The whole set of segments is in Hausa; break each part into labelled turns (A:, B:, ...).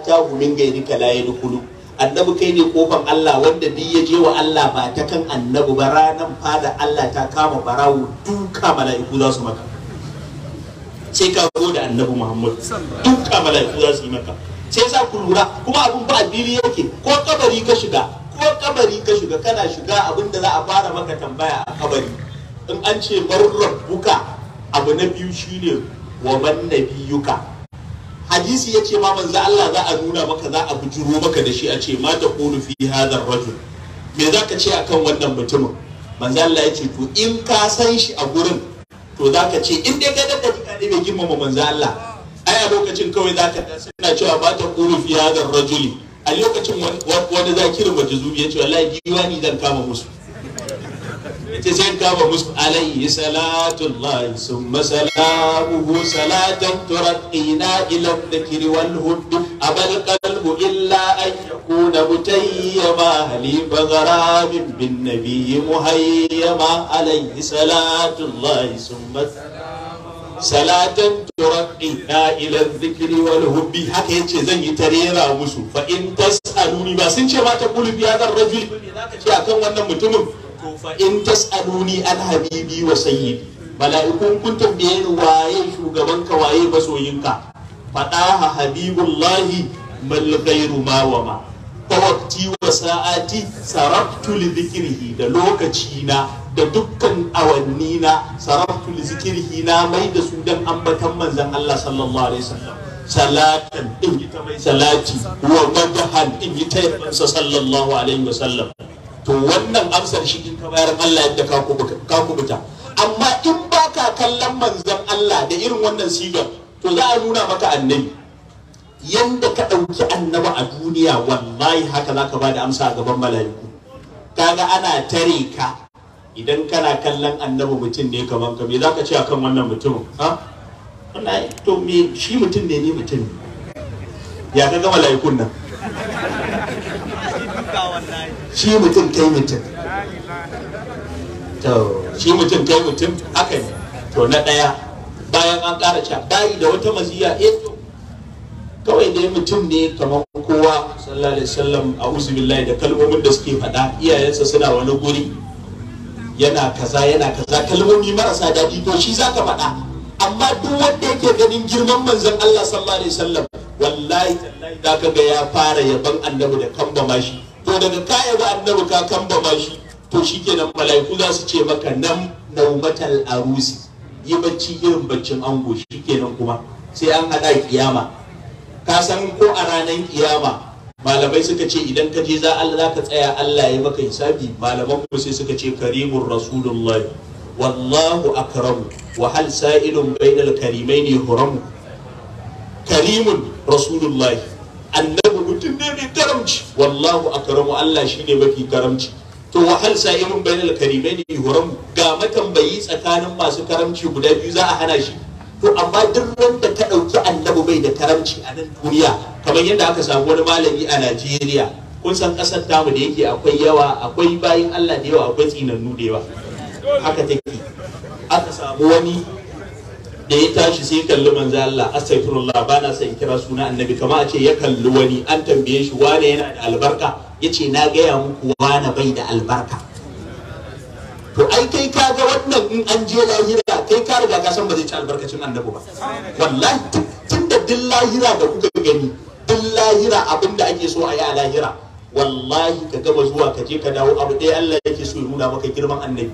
A: atahu min gairika la yadkhulu annabi kai ne kofan Allah wanda duk ya je wa Allah ba
B: ta kan annabi ba ranan fada Allah ta kama barawo duka mala'iku za su maka sai ka zo da annabi Muhammad duka mala'iku za su yi maka sai sa ku lura kuma abun ba addini yake ko kabari ka shiga ko kabari ka shiga kana shiga abin da za a fara maka tambaya a kabari in an ce bar rabbuka abu na biyu shine wa ban nabiyuka hadisi ya ce ma manzo Allah za a nuna maka za a bujuro maka da shi a ce ma taqulu fi hadha rajul me za ka ce akan wannan mutumin manzo Allah ya ce to in ka san shi a gurin to za ka ce in dai ga da ka ne mai girmama manzo Allah ai a lokacin kawai za ka dace, suna cewa ba ta ƙuru fi hadar rajuli a lokacin wanda za ki rubuta zubi ya ce wallahi giwani zan kama musu اتزين كابا مسك عليه صلاة الله ثم سلامه صلاة إينا إلى الذكر والهد أبى القلب إلا أن يكون متيما لي بغرام بالنبي مهيما عليه صلاة الله ثم صلاة ترقينا إلى الذكر والهب حكى زي تريرا مسو فإن تسألوني ما سنشي ما تقول في هذا الرجل شاكا وانا متمم fa in tas'aluni an habibi wa sayyidi mala'ikun kun tambaye ni waye shugabanka waye masoyinka fadaha habibullahi mal ghairu ma wa ma ta wa sa'ati sarabtu li dhikrihi da lokaci na da dukkan awanni na sarabtu li dhikrihi na mai da su dan ambatan manzon Allah sallallahu alaihi wasallam salatan in yi ta mai salati wa madahan in yi ta sallallahu alaihi wasallam to wannan amsar shi in ka bayar Allah yadda ka kubuta amma in baka kallon manzan Allah da irin wannan sigar to za a nuna maka annabi yanda ka ɗauki annaba a duniya wallahi haka za ka ba da amsa a gaban mala'iku kaga ana tare ka idan kana kallon annabi mutum ne kamar ka me za ka ce akan wannan mutumin ha to me shi mutum ne ne mutum ya ka ga mala'ikun nan shi mutum kai mutum to shi mutum kai mutum haka ne to na ɗaya bayan an ƙara cewa bayi da wata maziya eh kawai dai mutum ne kamar kowa sallallahu alaihi wasallam a billahi da kalmomin da suke faɗa iyayensa suna wani guri yana kaza yana kaza kalmomi marasa daɗi to shi za ka faɗa amma duk wanda yake ganin girman manzon Allah sallallahu alaihi wasallam wallahi da kaga ya fara yaban annabi da kamba mashi to daga kaya yabi annabi ka kambama shi to shikenan mala'iku za su ce maka nan naumatal arusi yi bacci irin baccin ango shikenan kuma sai an haɗa kiyama ka san ko a ranar kiyama malamai suka ce idan ka je za Allah ka tsaya Allah ya maka hisabi malaman ku sai suka ce karimun rasulullahi wallahu akramu wa hal sa'ilun bainal karimaini huramu karimun rasulullahi annabi mafi karamci wallahu akramu Allah shine mafi karamci to wahal sa'imun bainal karimaini yuhram ga matambayi tsakanin masu karamci guda biyu za a hana shi to amma duk wanda ka ɗauki annabi bai da karamci a nan duniya kamar yadda aka samu wani malami a Najeriya kun san ƙasar tamu da yake akwai yawa akwai bayin Allah da yawa akwai tsinannu da yawa haka take aka samu wani da ya tashi sai kalli manzo Allah astaghfirullah ba na sai kira suna annabi kama a ce ya kalli wani an tambaye shi wane yana da albarka yace na gaya muku wane bai da albarka to ai kai ka ga wannan in an je lahira kai ka riga ka san ba zai ci albarkacin annabi ba wallahi tunda duk lahira da kuka gani duk lahira da ake so a yi a lahira wallahi ka gama zuwa ka je ka dawo abu ɗaya Allah yake so ya nuna maka girman annabi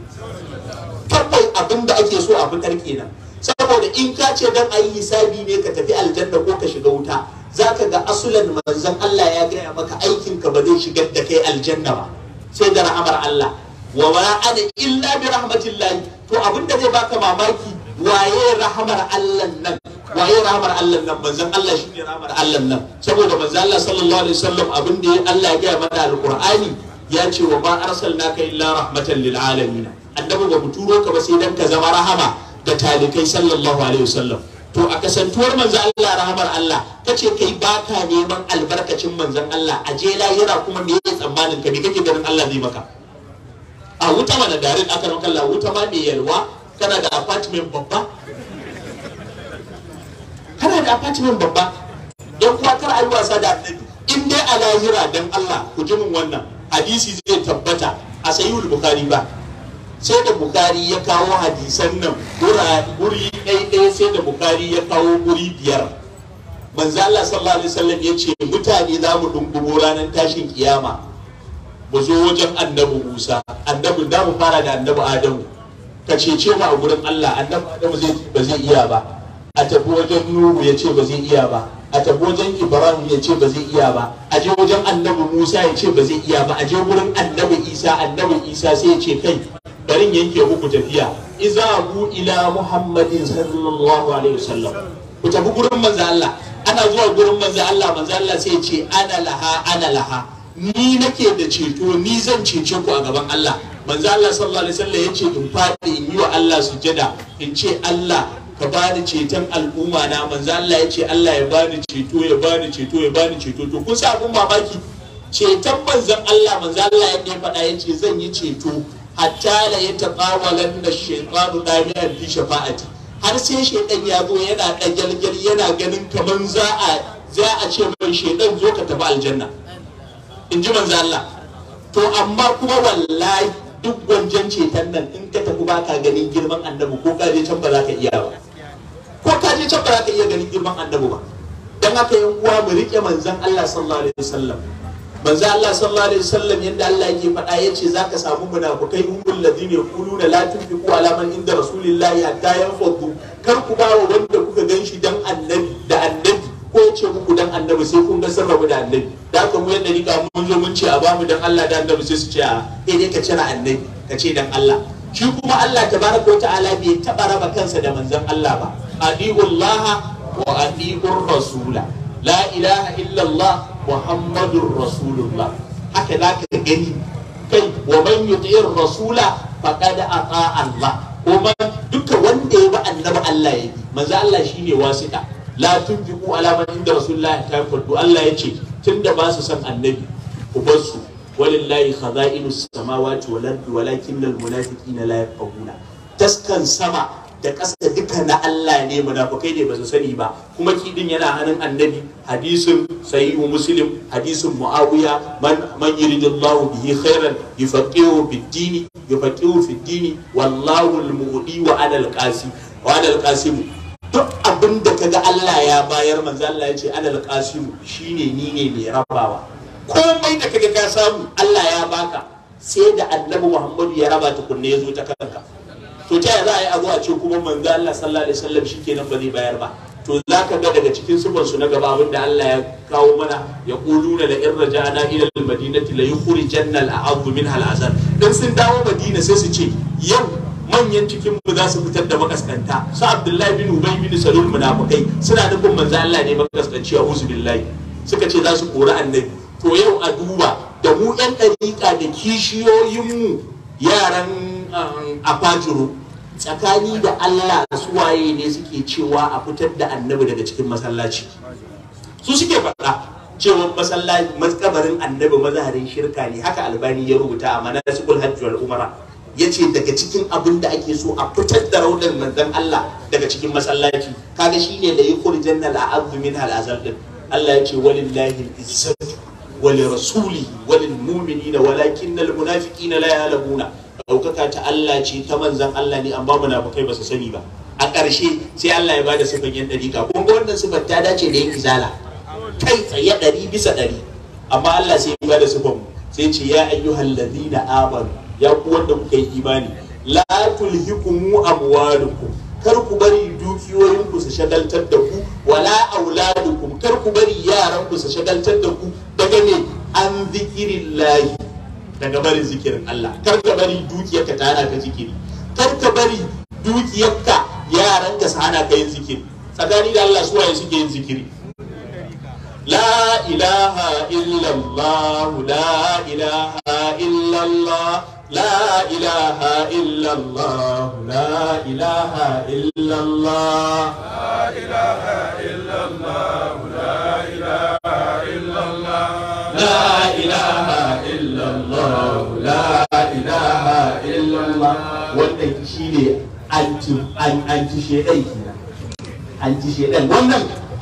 B: kawai da ake so a fitar kenan saboda in ka ce dan ayi hisabi ne ka tafi aljanna ko ka shiga wuta za ka ga asulan manzan Allah ya gaya maka aikin ka ba zai shigar da kai aljanna ba sai da rahamar Allah wa wa ana illa bi rahmatillahi to abinda zai baka mamaki waye rahamar Allah nan waye rahamar Allah nan Manzan Allah shine rahamar Allah nan saboda manzon Allah sallallahu alaihi wasallam abin da Allah ya gaya mana alqur'ani ya ce wa ma arsalnaka illa rahmatan lil alamin annabi ba mu turo ka ba sai dan ka zama rahama da talibai sallallahu alaihi wasallam to a kasantuwar manzo Allah rahamar Allah kace kai baka neman albarkacin manzon Allah a je lahira kuma me yake tsammanin ka me kake ganin Allah zai maka a wuta mana garin aka ranka Allah wuta ma me yalwa kana da apartment babba kana da apartment babba dan kuwa kar ayi wasa da annabi in dai a lahira dan Allah ku ji min wannan hadisi zai tabbata a sahihul bukhari ba sai da bukari ya kawo hadisan nan guri ɗaiɗaya sai da bukari ya kawo guri biyar manzo Allah sallallahu alaihi wasallam ya ce mutane za mu dungumo ranar tashin kiyama mu zo wajen annabi Musa annabi da mu fara da annabi Adamu ka cece mu a gurin Allah annabi Adamu zai ba zai iya ba a tafi wajen Nuhu ya ce ba zai iya ba a tafi wajen Ibrahim ya ce ba zai iya ba a je wajen annabi Musa ya ce ba zai iya ba a je gurin annabi Isa annabi Isa sai ya ce kai garin yanke muku tafiya bu ila muhammadin sallallahu alaihi wasallam ku tafi gurin manzo Allah ana zuwa gurin manzo Allah manzo Allah sai ce ana laha ana laha ni nake da ceto ni zan cece ku a gaban Allah manzo Allah sallallahu alaihi wasallam ce in fadi in yi wa Allah sujada in ce Allah ka bani ceton al'umma na manzo Allah ce Allah ya bani ceto ya bani ceto ya bani ceto to kun sa abun mamaki ceton manzon Allah manzo Allah ya faɗa ce zan yi ceto hatta la walan da shaytanu ya fi shafa'ati har sai shaytan ya zo yana dagalgal yana ganin kaman za a za a ce mai shaytan zo ka tafi aljanna in ji manzo Allah to amma kuma wallahi duk gwanjan ceton nan in ka tafi baka ganin girman annabi ko ka je can ba za ka iya ba ko ka je can ba za ka iya ganin girman annabi ba dan haka yan uwa mu rike manzon Allah sallallahu alaihi wasallam manzo Allah sallallahu alaihi wasallam yanda Allah yake faɗa yace zaka samu munafukai humul ladina yaquluna la tunfiqu ala man inda rasulillahi hatta yanfaddu kar ku bawa wanda kuka ganshi dan annabi da annabi ko yace muku dan annabi sai kun ga sarrafa da annabi da ka mu yanda rika mun zo mun ce a bamu dan Allah da annabi sai su ce a eh dai ka cira annabi ka ce dan Allah shi kuma Allah tabaraka wa ta'ala bai taba raba kansa da manzon Allah ba adiullaha wa adiur rasula la ilaha illallah muhammadun rasulullah haka za ka gani kai wa man yuti'ir rasula faqad ata Allah kuma duka wanda ya ba annabi Allah ya bi manza Allah shine wasita la tunfiqu ala man inda rasulullah ta fardu Allah ya ce tunda ba su san annabi ku bar su walillahi khaza'inus samawati wal ardi walakinnal munafiqina la yafqahuna taskan sama da ƙasa duka na Allah ne munafukai ne ba su sani ba kuma kidin yana hannun annabi hadisin sahihu muslim hadisin muawiya man man yuridillahu bihi khairan yufaqihu bid-dini yufaqihu fid-dini wallahu al-mughni wa ana qasi wa ana qasim duk abinda kaga Allah ya bayar manzo Allah yace ce ana al-qasim shine ni ne mai rabawa komai da kaga ka samu Allah ya baka sai da annabi Muhammadu ya raba tukunne ya zo ta kanka to ta za a yi abu a ce kuma manzo Allah sallallahu alaihi wasallam shikenan ba zai bayar ba to za ka ga daga cikin sifansu na gaba abinda Allah ya kawo mana ya kuluna da in raja'ana ila al-madinati la yukhri a aadhu min al-azab dan sun dawo madina sai su ce yau manyan cikin mu za su fitar da makaskanta su Abdullahi bin Ubay bin Salul munafikai suna kun manzo Allah ne makaskanci a billahi suka ce za su kori annabi to yau a duba da mu yan dariƙa da kishiyoyin mu yaran A fajiro tsakani da Allah su waye ne suke cewa a fitar da annabi daga cikin masallaci su suke faɗa cewa masallaci maskabarin annabi mazaharin shirka ne haka albani ya rubuta a manasikul hajji wal umara ya ce daga cikin abin da ake so a fitar da raunin manzon Allah daga cikin masallaci kaga shine da yukhrijannal a'adhu min al-azab Allah ya ce walillahi izzatu ولرسوله وللمؤمنين ولكن المنافقين لا يعلمون ɗaukaka ta Allah ce ta manzan Allah ne amma munafukai ba su sani ba a ƙarshe sai Allah ya bada sifan yan ɗariƙa kun ga wannan sifar ta dace da yin izala kai tsaye ɗari bisa ɗari amma Allah sai ya bada sifan mu sai ce ya ayyuhal ladina amanu ya ku wanda kuka yi imani la tulhikumu amwalukum kar ku bari dukiyoyin ku su shagaltar da ku wala auladukum kar ku bari yaran ku su shagaltar da ku daga ne an zikirin daga barin zikirin Allah kar ka bari dukiyarka ta hana ka zikiri kar ka bari dukiyarka yaran ka su hana ka yin zikiri tsakani da Allah suwaye suke yin zikiri la ilaha illallah la ilaha illallah لا إله إلا الله لا إله إلا الله لا إله إلا الله لا إله إلا الله لا إله إلا الله لا إله إلا الله wannan شيء أنت شيء أنت شيء أنت شيء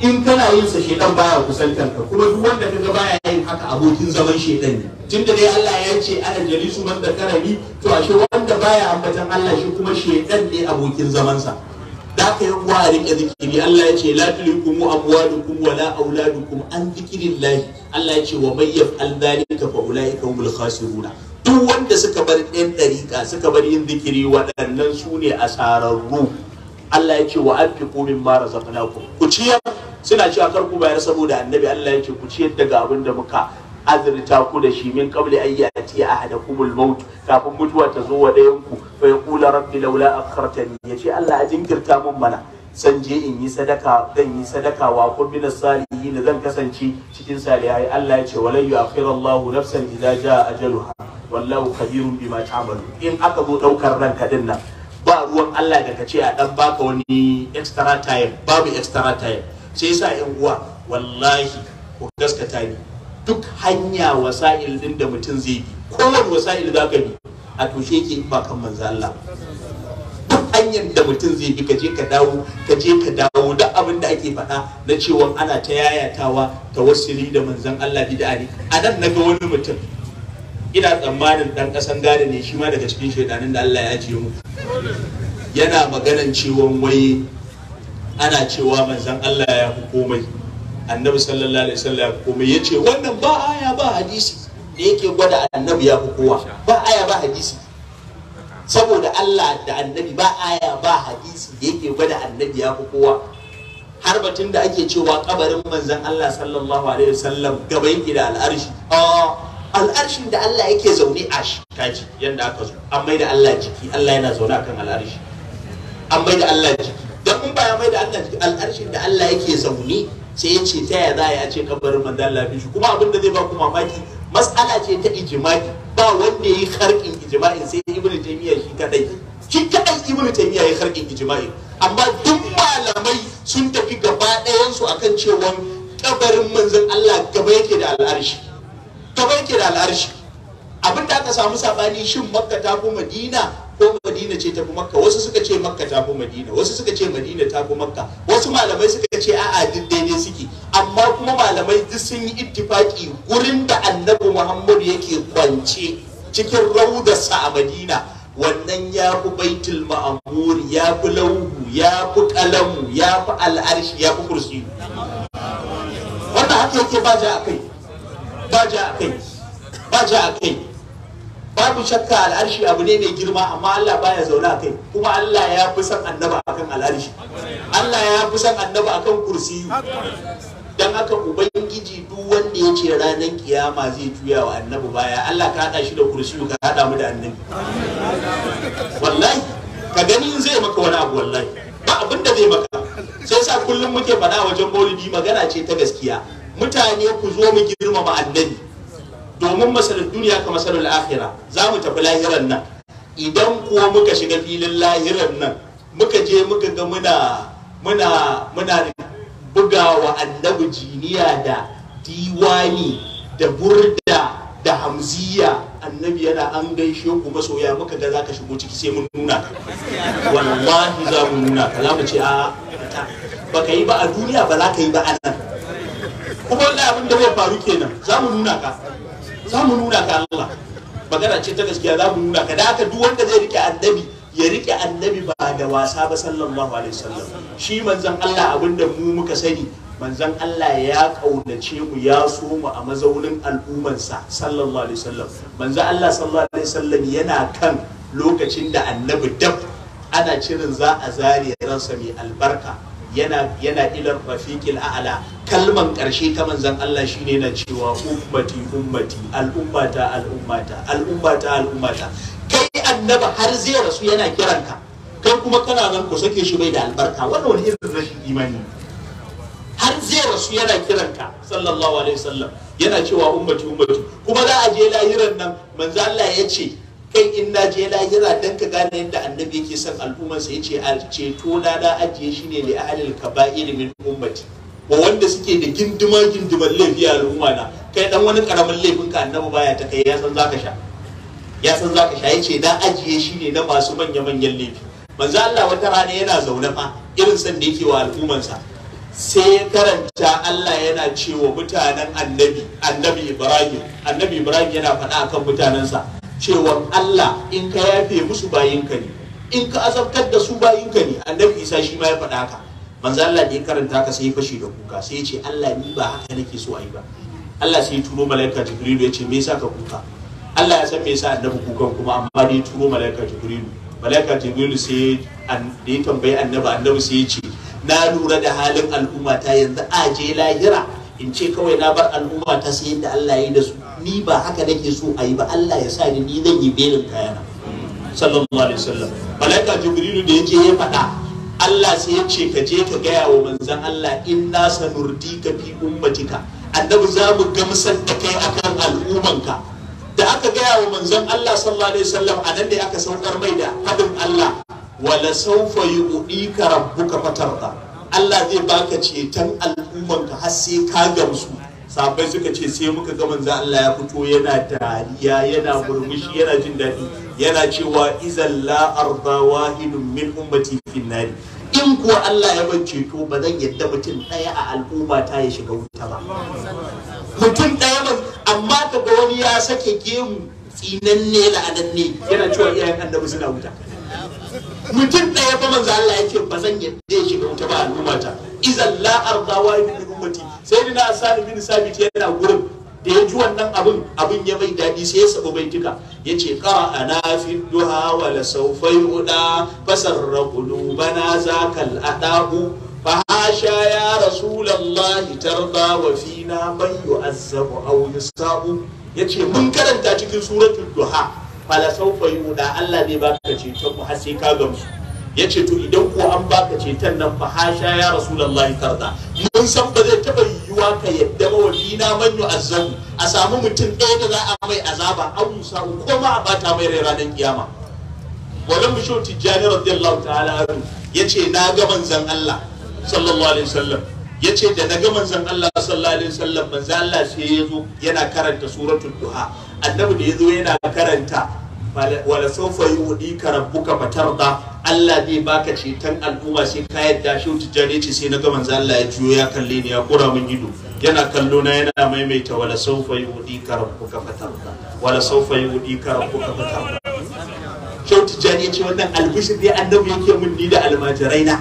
B: in kana yin sa shedan baya kusantar ka kuma duk wanda kaga baya yin haka abokin zaman shedan ne tunda dai Allah ya ce ana jalisu man da karami to ashe wanda baya ambatan Allah shi kuma shedan ne abokin zaman sa da ka yi uwa a rike zikiri Allah ya ce la tulikum amwalukum wala auladukum an zikrillah Allah ya ce wa may yaf'al dhalika fa ulaika humul khasiruna duk wanda suka bar ɗan dariƙa suka bar yin zikiri waɗannan su ne asararru Allah yake wa anfiqu mimma razaqnakum ku ciyar suna cewa kar ku bayar saboda annabi Allah yake ku ciyar daga abin da muka azurta ku da shi min qabli ayyati ahadakumul maut kafin mutuwa ta zo wa ɗayan ku fa yaqulu rabbi laula akhartani yace Allah a jinkirta mun mana san je in yi sadaka zan yi sadaka wa kun min salihin zan kasance cikin salihai Allah yace walan yu'akhirallahu nafsan idza jaa ajaluha wallahu khabirun bima ta'malun in aka zo daukar ranka din nan ba ruwan Allah da ka ce a dan baka wani extra time babu extra time sai yasa yan uwa wallahi ku gaskata ni duk hanya wasa'il din da mutum zai bi wani wasa'il za ka bi a toshe ke, ba kan manzo Allah duk hanyar da mutum zai bi ka je ka dawo ka je ka dawo da abin da ake faɗa na cewa ana ta yayatawa tawassuli da manzon Allah bid'a ne a nan ga wani mutum ina tsammanin ɗan ƙasan gada ne shi ma daga cikin shaidanin da Allah ya ce mu yana maganan cewa wai ana cewa manzon Allah ya fi komai annabi sallallahu alaihi wasallam ya fi komai ya ce wannan ba aya ba hadisi da yake gwada annabi ya fi kowa ba aya ba hadisi saboda Allah da annabi ba aya ba hadisi da yake gwada annabi ya fi kowa har batun da ake cewa kabarin manzon Allah sallallahu alaihi wasallam gaba gida da ah al'arshin da Allah yake zaune a shi taji yanda aka zo an mai da Allah jiki Allah yana zaune a kan al'arshi an mai da Allah jiki dan mun baya mai da Allah jiki al'arshin da Allah yake zaune sai ya ce ta ya za ya ce kabarin manzan lafi shi kuma abin da zai ba kuma maki matsala ce ta ijimai ba wanda ya yi harkin ijimai sai ibnu taymiya shi kadai shi kadai ibnu taymiya ya yi harkin ijimai amma duk malamai sun tafi gaba ɗayansu akan cewa kabarin manzan Allah gaba yake da al'arshi ta banke ke da al'arshi abin da aka samu sabani shin makka ta fi madina ko madina ce ta fi makka wasu suka ce makka ta fi madina wasu suka ce madina ta fi makka wasu malamai suka ce a'a duk daidai suke amma kuma malamai duk sun yi ittifaki gurin da annabi muhammad yake kwance cikin raudarsa a madina wannan ya fi baitul ma'amur ya fi lauhu ya fi kalamu ya fi al'arshi ya fi kursi wannan haka yake ba ja a kai ba ja a kai ba ja a kai babu shakka al'arshi abu ne mai girma amma Allah baya zaune a kai kuma Allah ya fi son annaba akan al'arshi Allah ya fi son annaba akan kursi dan haka ubangiji duk wanda ya ce ranar kiyama zai tuya wa annabi baya Allah ka haɗa shi da kursi ka haɗa mu da annabi wallahi ka gani zai maka wani abu wallahi ba abin da zai maka sai sa kullum muke faɗa wajen maulidi magana ce ta gaskiya mutane ku zo mu girmama annabi domin masalar duniya ka masalar akhira za mu tafi lahiran nan idan kuwa muka shiga filin lahiran nan muka je muka ga muna muna muna bugawa annabi jiniya da diwani da burda da hamziya annabi yana an gaishe ku masoya muka ga zaka shigo ciki sai mun nuna wallahi za mu nuna ka za mu ce a baka yi ba a duniya ba za ka yi ba a nan kuma wallahi abin da zai faru kenan za mu nuna ka za mu nuna ka Allah magana ce ta gaskiya za mu nuna ka da haka duk wanda zai rike annabi ya rike annabi ba da wasa ba sallallahu alaihi wasallam shi manzon Allah abinda mu muka sani manzon Allah ya kaunace mu ya so mu a mazaunin al'ummansa sallallahu alaihi wasallam manzon Allah sallallahu alaihi wasallam yana kan lokacin da annabi dab ana cirin za a zare ransa mai albarka yana yana ilar rafiqil a'la kalman ƙarshe ta manzan Allah shine na cewa ummati ummati al'ummata al'ummata al'ummata al'ummata kai annaba har zai rasu yana kiranka kai kuma kana nan ku sake shi bai da albarka wannan wani irin rashin imani har zai rasu yana kiranka sallallahu alaihi wasallam yana cewa ummati ummati kuma za a je lahiran nan manzo Allah ya ce kai in na je lahira dan ka gane yadda annabi yake son al'ummarsa ya ce ce na na ajiye shi ne li ahlil kaba'ir min ummati wa wanda suke da gindima gindiman laifi a al'umma na kai dan wani karamin laifin ka annabi baya ta kai ya san zaka sha ya san zaka sha yace na ajiye shi ne na masu manya manyan laifi manzo Allah wata rana yana zaune fa irin san da yake wa al'ummansa sai ya karanta Allah yana cewa mutanen annabi annabi Ibrahim annabi Ibrahim yana faɗa akan mutanensa cewa Allah in ka yafe musu bayinka ne in ka azabtar da su bayinka ne annabi Isa shi ma ya faɗa haka manzo Allah da ya karanta ka sai fashi da kuka sai ya ce Allah ni ba haka nake so ayi ba Allah sai ya turo malaika Jibrilu ya ce me yasa ka kuka Allah ya san me yasa annabi kukan kuma amma dai turo malaika Jibrilu malaika Jibrilu sai da ya tambayi annabi annabi sai ya ce na lura da halin al'umma ta yanzu a je lahira in ce kawai na bar al'umma ta sai yadda Allah ya yi da su ni ba haka nake so ayi ba Allah ya sa ni ni zan yi belin kayana sallallahu alaihi wasallam malaika Jibrilu da ya je ya faɗa Allah sai ya ce ka je ka gaya wa manzan Allah in sanurdi ka fi ummatika annabi za mu gamsar da kai akan al'ummanka da aka gaya wa manzan Allah sallallahu alaihi wasallam a nan ne aka saukar mai da haɗin Allah wala rabu ka rabbuka fatarda Allah zai baka ceton al'ummanka har sai ka gamsu sabai suka ce sai muka ga manzan Allah ya fito yana dariya yana murmushi yana jin daɗi yana cewa izan la arda wahidun min ummati finnari in kuwa Allah ya ban ceto ba zan yadda mutum ɗaya a al'umma ta ya shiga wuta ba mutum ɗaya ba amma ka ga wani ya sake gemu ne tsinanne ne yana cewa iyayen annabi suna wuta mutum ɗaya ba manzo Allah ya ce ba zan yadda ya shiga wuta ba al'umma ta idan la arda wa min ummati sayyidina asad bin sabit yana gurin da ya ji wannan abin abin ya mai daɗi sai ya sabu baitika ya ce ƙara na fi duha wa la saufai uda fasarra qulubana zakal ada'u fa hasha ya rasulullahi tarda wa fina man yu'azzabu aw Ya yace mun karanta cikin suratul duha fa la saufai uda Allah zai baka ceton mu har sai ka gamsu ya ce to idan ko an baka ceton nan fa hasha ya rasulullahi karda mun san ba zai taba yiwuwa ka yadda ba wani na manyu azabu a samu mutum ɗaya da za a mai azaba an musa ko ma a bata mai rai ranar kiyama wala musho tijjani radiyallahu ta'ala ya ce na ga manzan Allah sallallahu alaihi wasallam ya ce da na ga manzan Allah sallallahu alaihi wasallam manzon Allah sai ya zo yana karanta suratul duha annabi da ya zo yana karanta wala sofa yi wudi ka rabbuka da. Allah zai
A: baka ceton al'umma sai ka yadda shi tijjani ce sai na ga manzo Allah ya juyo ya kalle ni ya kura min ido yana kallo na yana maimaita wala
B: sofa yi wudi ka rabbuka da. wala sofa yi wudi ka rabbuka fatarda shi tijjani ce wannan albishir ne annabi yake mun ni da almajirai na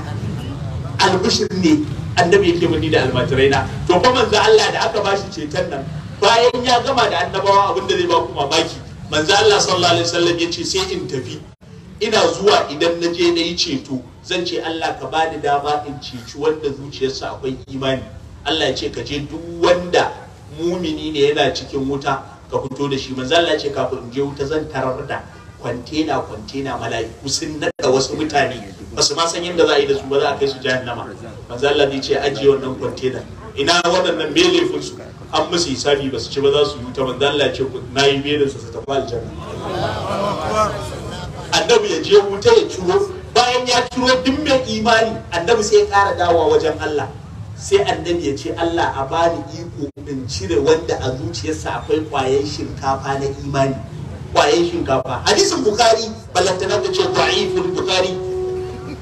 B: albishir ne annabi yake mun ni da almajirai na to fa manzo Allah da aka bashi ceton nan bayan ya gama da annabawa abinda zai ba ku mamaki manzo Allah sallallahu alaihi wasallam yace sai in tafi ina zuwa idan na je na yi ceto zan ce Allah ka bani dama in ceci wanda zuciyarsa akwai imani Allah ya ce ka je duk wanda mumini ne yana cikin wuta ka fito da shi manzo Allah ya ce kafin in je wuta zan tarar da kwantena kwantena mala'iku sun nada wasu mutane ba su ma san yadda za a yi da su ba za a kai su jahannama manzo Allah ya ce ajiye wannan kwantena ina waɗannan me su an musu hisabi ba su ci ba za su yi ta manzo Allah ce ku na yi belin su su tafi aljanna annabi ya je wuta ya ciro bayan ya ciro duk mai imani annabi sai ya ƙara dawa wajen Allah sai annabi ya ce Allah a bani iko in cire wanda a zuciyarsa akwai kwayan shinkafa na imani kwayan shinkafa hadisin bukari ballantana ta ce da'iful bukari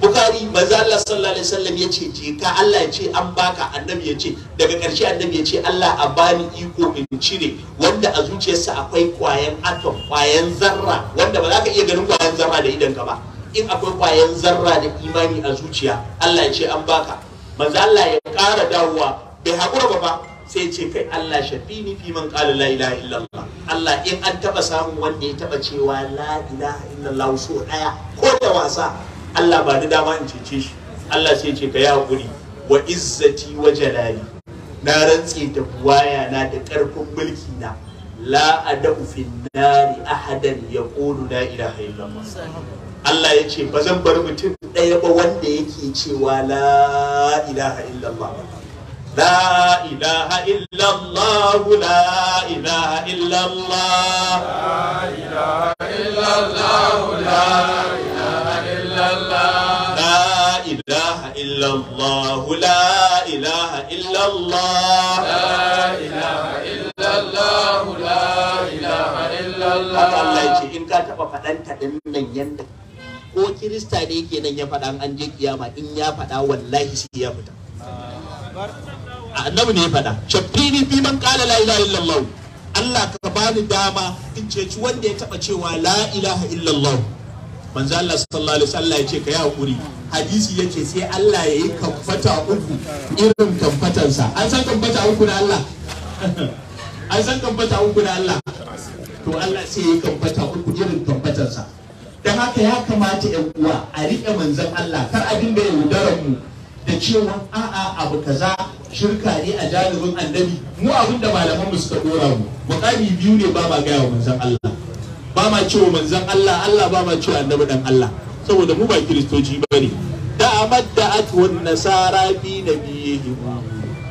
B: bukari manzo Allah sallallahu alaihi wasallam yace je ka Allah ya an baka annabi yace daga ƙarshe annabi yace Allah a bani iko in cire wanda a zuciyarsa akwai kwayan atom kwayan zarra wanda ba za ka iya ganin kwayan zarra da idan ka ba in akwai kwayan zarra da imani a zuciya Allah yace an baka manzo Allah ya ƙara dawowa bai haƙura ba sai ce kai Allah shafini fi man qala la ilaha illallah Allah in an taba samun wanda ya taba cewa la ilaha illallah so daya ko da wasa Allah ba ni dama in cece shi Allah sai ce ka yi hakuri wa izzati wa jalali na rantse da buwaya na da ƙarfin mulki na la adau fi nari ahadan yaqulu la ilaha illallah Allah ya ce ba zan bar mutum ɗaya ba wanda yake cewa la ilaha illallah لا إله إلا الله لا إله إلا الله لا إله إلا الله إله إلا الله لا إله إلا الله لا إله ilaha الله لا إله
C: Allah ce in ka taɓa faɗanta ɗin nan
B: yanda ko kirista ne kenan ya faɗa an je kiyama in ya faɗa wallahi shi ya fita annabi ne ya faɗa shaffini fi man qala la ilaha illallah Allah ka bani dama in ceci wanda ya taɓa cewa la ilaha illallah manzo Allah sallallahu alaihi wasallam ya ce ka yi hakuri hadisi yace sai Allah ya yi kamfata uku irin kamfatansa an san kamfata uku na Allah an san kamfata uku na Allah to Allah sai ya yi kamfata uku irin kamfatansa dan haka ya kamata ɗan uwa a riƙe manzon Allah kar a dinga daren mu da cewa a'a abu kaza shirka ne a janibin annabi mu abinda malaman mu suka dora mu muƙami biyu ne ba ma gaya wa manzon Allah ba ma cewa manzan Allah Allah ba ma cewa annabi dan Allah saboda mu ba kiristoci ba bane da amadda atwan nasara bi nabiyihim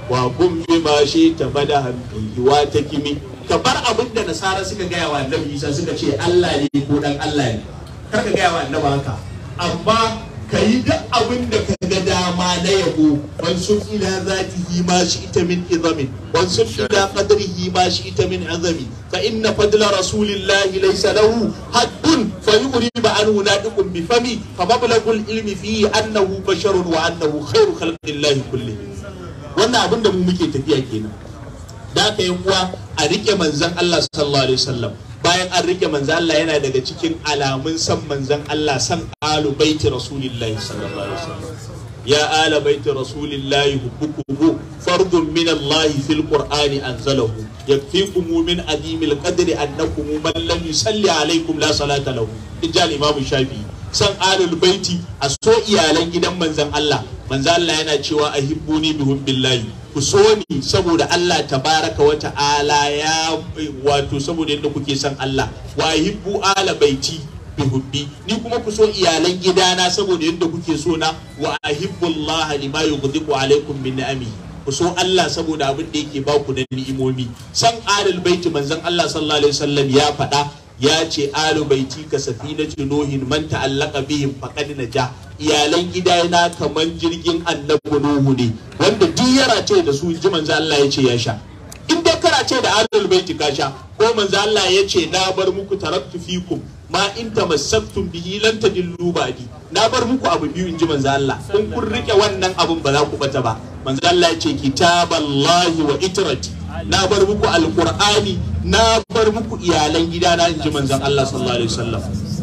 B: wa kum ma shi ta bada hankali, wa takimi ka bar abin da nasara suka gaya wa annabi Isa suka ce Allah ne ko dan Allah ne kar ka gaya wa annabi haka amma ka yi duk abin da ka ga dama na yabo wansub ila zatihi ma shi ita min izamin wansub ila qadrihi ma shi ita min azami fa inna fadla rasulillahi laysa lahu haddun fa yuriba anhu nadiqun bi fami fa mablagul ilmi fihi annahu basharun wa annahu khairu khalqillahi kullihim wannan abin da mu muke tafiya kenan da ka yi uwa a rike manzon Allah sallallahu alaihi wasallam bayan an rike manzo Allah yana daga cikin alamun san manzon Allah san alu baiti rasulillahi sallallahu alaihi wasallam ya ala baiti rasulillahi hubbukum fardun min Allah fil qur'ani anzalahu yakfikum min azimil qadri annakum man lam yusalli alaikum la salata lahu ijal imam shafi'i san alul baiti a so iyalan gidan manzan Allah manzan Allah yana cewa a ahibbuni bihum billahi ku so ni saboda Allah tabaraka wa ta'ala ya wato saboda yadda kuke san Allah wa hibbu ala baiti bihubbi ni kuma ku so iyalan gidana saboda yadda kuke so na wa Allah lima yughdiqu alaikum min ni'ami ku so Allah saboda abin da yake ba ku da ni'imomi san alul baiti manzan Allah sallallahu alaihi wasallam ya faɗa ya ce alu baiti ka na cinohin man biyun bihim faqad naja iyalan na kaman jirgin annabi nuhu ne wanda duk yara ce da su ji manzo Allah ya ce ya sha in dai kara ce da alul ka sha ko manzo Allah ya ce na bar muku taraktu fikum ma in tamassaktum bihi lan tadillu ba'di na bar muku abu biyu in ji manzo Allah in kun rike wannan abin ba za ku bata ba manzo Allah ya ce kitaballahi wa itrati na bar muku alkur'ani na bar muku iyalan gidana in ji manzon Allah sallallahu alaihi wasallam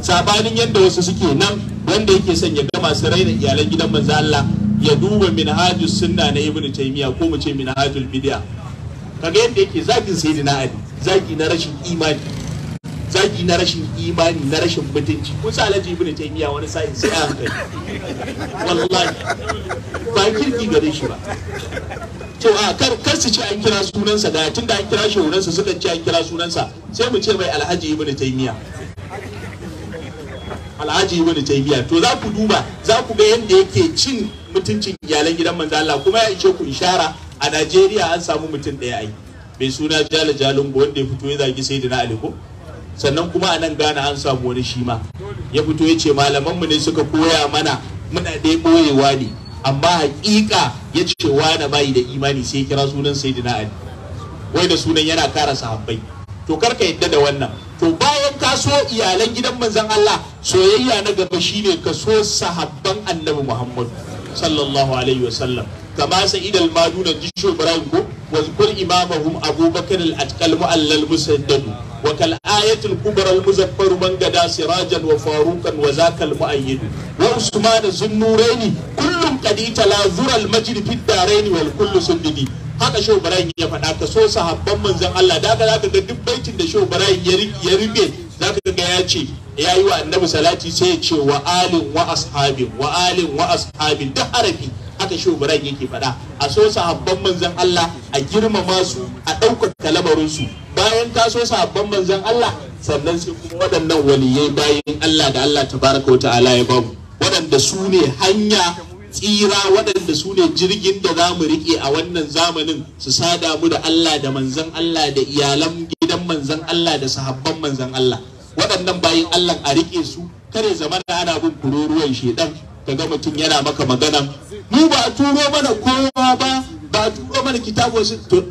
B: sabanin yadda wasu suke nan wanda yake son ya gama su raina iyalan gidan manzon Allah ya duba minhajus sunna na ibn taymiya ko mu ce minhajul bid'a kaga yadda yake zagin sayyidina ali zagi na rashin imani zagi na rashin imani na rashin mutunci kun sa alhaji ibn taymiya wani sai sai an kai. wallahi ba kirki gare shi ba a kar kar su ce an kira sunansa da tunda an kira su suka ci an kira sunansa sai mu ce mai alhaji ibnu taymiya alhaji ibnu taymiya to za ku duba za ku ga yadda yake cin mutuncin iyalan gidan manzo Allah kuma ya ishe ku ishara a Najeriya an samu mutum ɗaya ai mai suna Jala ba wanda ya fito ya zagi Sayyidina Ali ko sannan kuma a nan Ghana an samu wani shi ma ya fito ya ce mu ne suka koya mana muna ɗaya boyewa ne amma hakika ya ce na bayi da imani sai kira sunan saidina ali wai da sunan yana kara sahabbai to karka yadda da wannan to bayan ka so iyalan gidan manzon Allah soyayya na gaba shine ka so sahabban annabi Muhammad sallallahu alaihi wasallam imamahum سيد المالون جيشو برايكو واذكر إمامهم أبو بكر الأتقى المؤلل المسدد وكالآية الكبرى sirajan wa faruqan wa zakal muayyid wa usman az النورين kull hankali talazural majid fi darain wal kullu sundidi haka shehu barayin ya faɗa ka so sahabban manzon Allah da zaka ga duk baitin da shehu barayin ya rike zaka ga ya ce ya yi wa annabi salati sai ya ce wa alin wa ashabin wa alin wa ashabin duk arabi haka shehu barayin yake faɗa a so sahabban manzon Allah a girmama su a ɗaukaka lamarin su bayan ka so sahabban manzon Allah sannan sai kuma waɗannan waliyai bayan Allah da Allah tabaraka wa ta'ala ya bamu waɗanda su ne hanya tsira waɗanda su ne jirgin da za mu riƙe a wannan zamanin su sada mu da Allah da manzan Allah da iyalan gidan manzan Allah da sahabban manzan Allah waɗannan bayan Allah a riƙe su kare zamana ana bin kururuwan shedan ga mutum yana maka magana mu ba a turo mana kowa ba ba a turo mana kitabu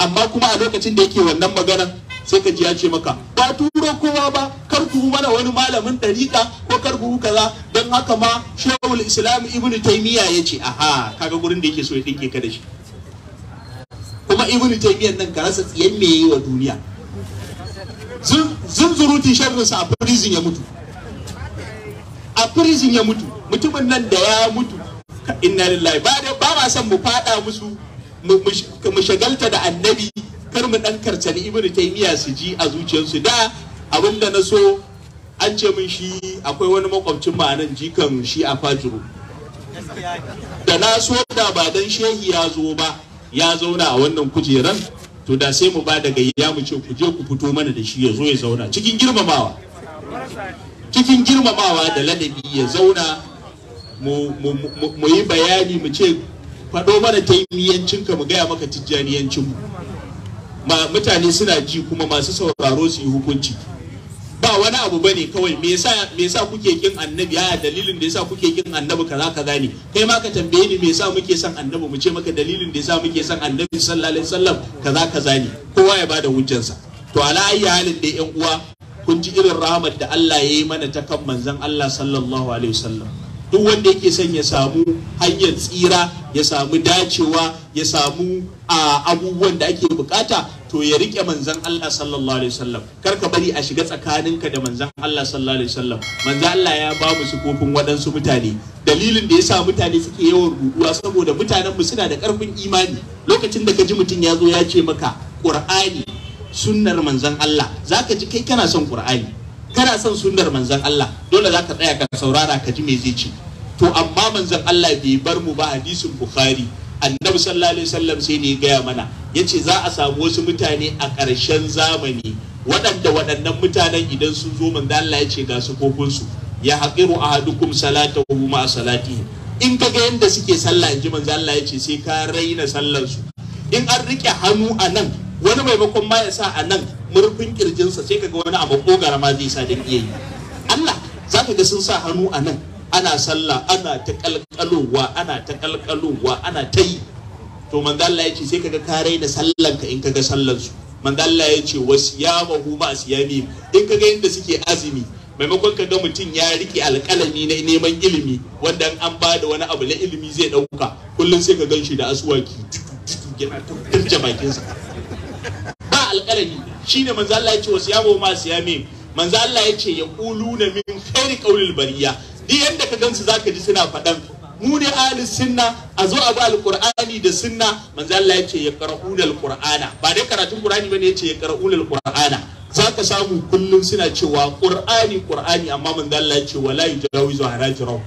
B: amma kuma a lokacin da yake wannan maganan sai ka ji ya ce maka ba turo kowa ba kar ku mana wani malamin ɗariƙa ko kar ku kaza don haka ma shawul islam ibn taymiya ya ce aha kaga gurin da yake so ya dinke ka da shi kuma ibn taymiya nan ka rasa tsiyan me yi wa duniya zunzurutin sharrinsa a prison ya mutu a prison ya mutu mutumin nan da ya mutu inna lillahi ba ba ma son mu fada musu mu shagalta da annabi kar mu dan karcani ibnu taymiya su ji a zuciyarsu da abinda na so an ce min shi akwai wani makwabcin ma nan jikan shi a fajiru da na so da ba dan shehi ya zo ba ya zauna a wannan kujeran to da sai mu ba da gayya mu ce ku je ku fito mana da shi ya zo ya zauna cikin girmamawa cikin girmamawa da ladabi ya zauna mu yi bayani mu ce faɗo mana taimiyancinka mu gaya maka tijjaniyancinmu mutane suna ji kuma masu sauraro su yi hukunci ba wani abu bane kawai me yasa kuke kin annabi ya dalilin da yasa kuke kin annabi kaza kaza ne kai ma ka tambaye ni me yasa muke son annabi mu ce maka dalilin da yasa muke son annabi sallallahu alaihi wasallam kaza kaza ne kowa ya bada hujjansa to ala ayi halin da yan uwa kun ji irin rahmat da Allah ya yi mana ta kan manzon Allah sallallahu alaihi wasallam duk wanda yake son ya samu hanyar tsira ya samu dacewa ya samu abubuwan da ake bukata to ya rike manzan Allah sallallahu alaihi wasallam kar ka bari a shiga tsakaninka da manzan Allah sallallahu alaihi wasallam manzan Allah ya ba mu kofin waɗansu mutane dalilin da yasa mutane suke yawan ruduwa saboda mutanen mu suna da karfin imani lokacin da ka ji mutum ya zo ya ce maka Qur'ani sunnar manzan Allah zaka ji kai kana son Qur'ani kana son sunnar manzan Allah dole zaka tsaya ka saurara ka ji me zai ce to amma manzan Allah bai bar mu ba hadisin Bukhari annabi sallallahu alaihi wasallam sai ne ya gaya mana yace za a samu wasu mutane a ƙarshen zamani waɗanda waɗannan mutanen idan sun zo manzo Allah yace ga su kokunsu ya haqiru ahadukum salatahu ma salatihi in ka ga yadda suke sallah in ji manzo Allah yace sai ka raina sallar su in an rike hannu a nan wani maimakon ma ya sa a nan murfin kirjinsa sai ka ga wani abu ko garama zai sa dan iya yi Allah za ka ga sun sa hannu a nan ana sallah ana ta kalkalowa ana ta kalkalowa ana ta yi to manzo Allah ya ce sai kaga ka raina sallanka in kaga sallan su manzo Allah ya ce wasiyamahu ma siyami in kaga inda suke azumi maimakon ka ga mutum ya rike alƙalami na neman ilimi wanda an ba da wani abu na ilimi zai ɗauka kullum sai ka gan shi da asuwaki yana turje bakinsa ba alƙalami shine manzo Allah ya ce wasiyamahu ma siyami manzo Allah ya ce ya na min khairi qawlil bariya duk yadda ka gansu ka ji suna faɗan mu ne ahli sunna a zo a ba alqur'ani da sunna manzo Allah yace ya qara'una alqur'ana ba dai karatun ƙur'ani bane yace ya qara'una alqur'ana ka samu kullum suna cewa ƙur'ani ƙur'ani amma manzo Allah yace wala yujawizu harajirahum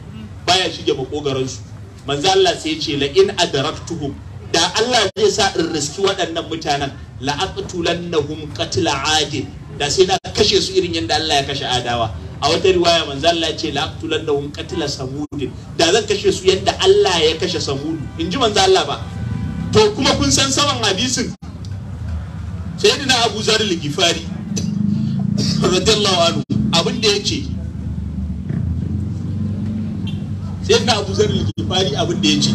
B: baya shige makogaran su manzo Allah sai yace la in adraktuhum da Allah zai sa in riski waɗannan mutanen la aqtulannahum qatla adil da sai na kashe su irin yadda Allah ya kashe adawa a wata riwaya manzo Allah ya ce la aqtulannahum qatla samud da zan kashe su yadda Allah ya kashe samud in ji manzo Allah ba to kuma kun san saman hadisin sayyidina Abu Zar al gifari radiyallahu anhu abin da yake sayyidina Abu Zar al gifari abin da yake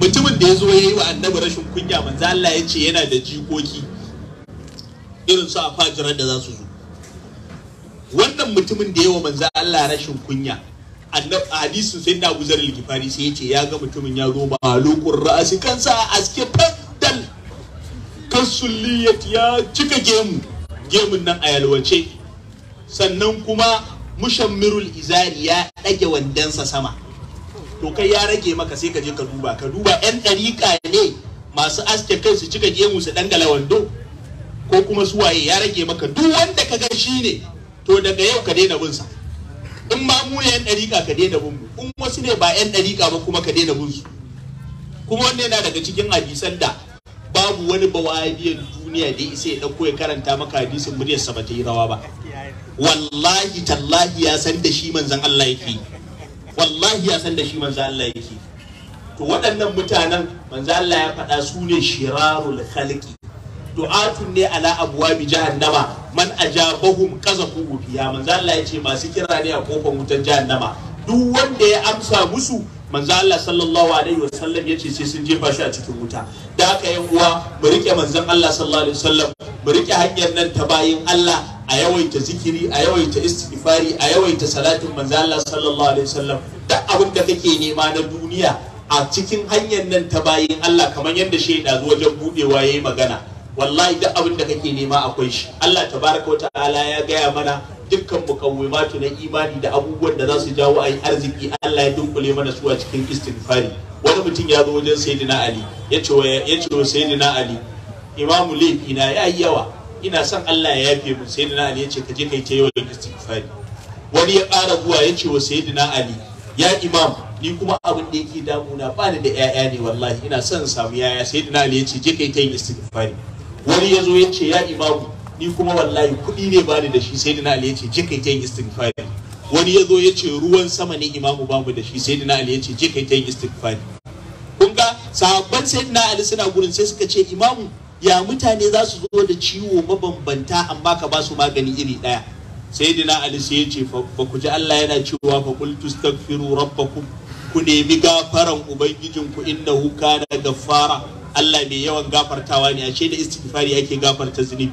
B: mutumin da ya zo ya yi wa annabi rashin kunya manzo Allah ya ce yana da jikoki irin su a afajiran da za su zo wannan mutumin da yawa manzo Allah rashin kunya a hadisin sai da Abu Zarul Gifari sai yace ya ga mutumin ya ba lokun ra'asi kansa aske faddal kasulliyat ya cika gemu gemun nan a yalwace sannan kuma mushammirul izari ya ɗage wandansa sama to kai ya rage maka sai ka je ka duba ka duba yan ɗariƙa ne masu aske kai su cika gemu su ɗangala wando ko kuma suwaye ya rage maka duk wanda ka ga shi ne to daga yau ka daina bin sa in ba mu ne yan dariƙa ka daina bin mu in wasu ne ba yan dariƙa ba kuma ka daina bin su kuma wannan yana daga cikin hadisan da babu wani bawabiyan duniya da isa ya dauko ya karanta maka hadisin muryar sa bata yi rawa ba wallahi tallahi ya san da shi manzon Allah yake wallahi ya san da shi manzon Allah yake to waɗannan mutanen manzon Allah ya faɗa su ne shirarul khalqi du'atun ne ala abwabi jahannama man ajabahum qazafu fiha manzo Allah yace masu kira ne a kofar wutar jahannama duk wanda ya amsa musu manzo Allah sallallahu alaihi wasallam yace sai sun jefa shi a cikin wuta da haka yi uwa mu rike manzon Allah sallallahu alaihi wasallam mu rike hanyar nan ta bayin Allah a yawaita zikiri a yawaita istighfari a yawaita salatin manzo Allah sallallahu alaihi wasallam duk abin da kake nema na duniya a cikin hanyar nan ta bayin Allah kamar yadda shaida wajen budewa yayi magana wallahi duk abin da kake nema akwai shi Allah tabaraka wa ta'ala ya gaya mana dukkan mukawwimatu na imani da abubuwan da za su jawo ayi arziki Allah ya dunkule mana su a cikin istighfari wani mutum ya zo wajen sayyidina Ali ya ce wa ya ce wa sayyidina Ali imamu laifi na yi yawa ina son Allah ya yafe mu sayyidina Ali ya ce ka je kai ta yawan istighfari wani ya ƙara zuwa ya ce wa sayyidina Ali ya imam ni kuma abin da yake damuna ba da 'ya'ya ne wallahi ina son samu yaya sayyidina Ali ya ce je kai ta yin istighfari wani ya zo ya ce ya imamu ni kuma wallahi kuɗi ne bani da shi sai dina ali ya ce je kai ta yin istighfari wani ya zo ya ce ruwan sama ne imamu bamu da shi sai dina ali ya ce je kai ta yin istighfari kun ga sahabban sai dina ali suna gurin sai suka ce imamu ya mutane za su zo da ciwo mabambanta amma ka ba su magani iri ɗaya sai dina ali sai ya ce ba ku ji Allah yana cewa fa qul tustaghfiru rabbakum ku nemi gafaran ubangijinku innahu kana gaffara Allah mai yawan gafartawa ne ashe da istighfari ake gafarta zunubi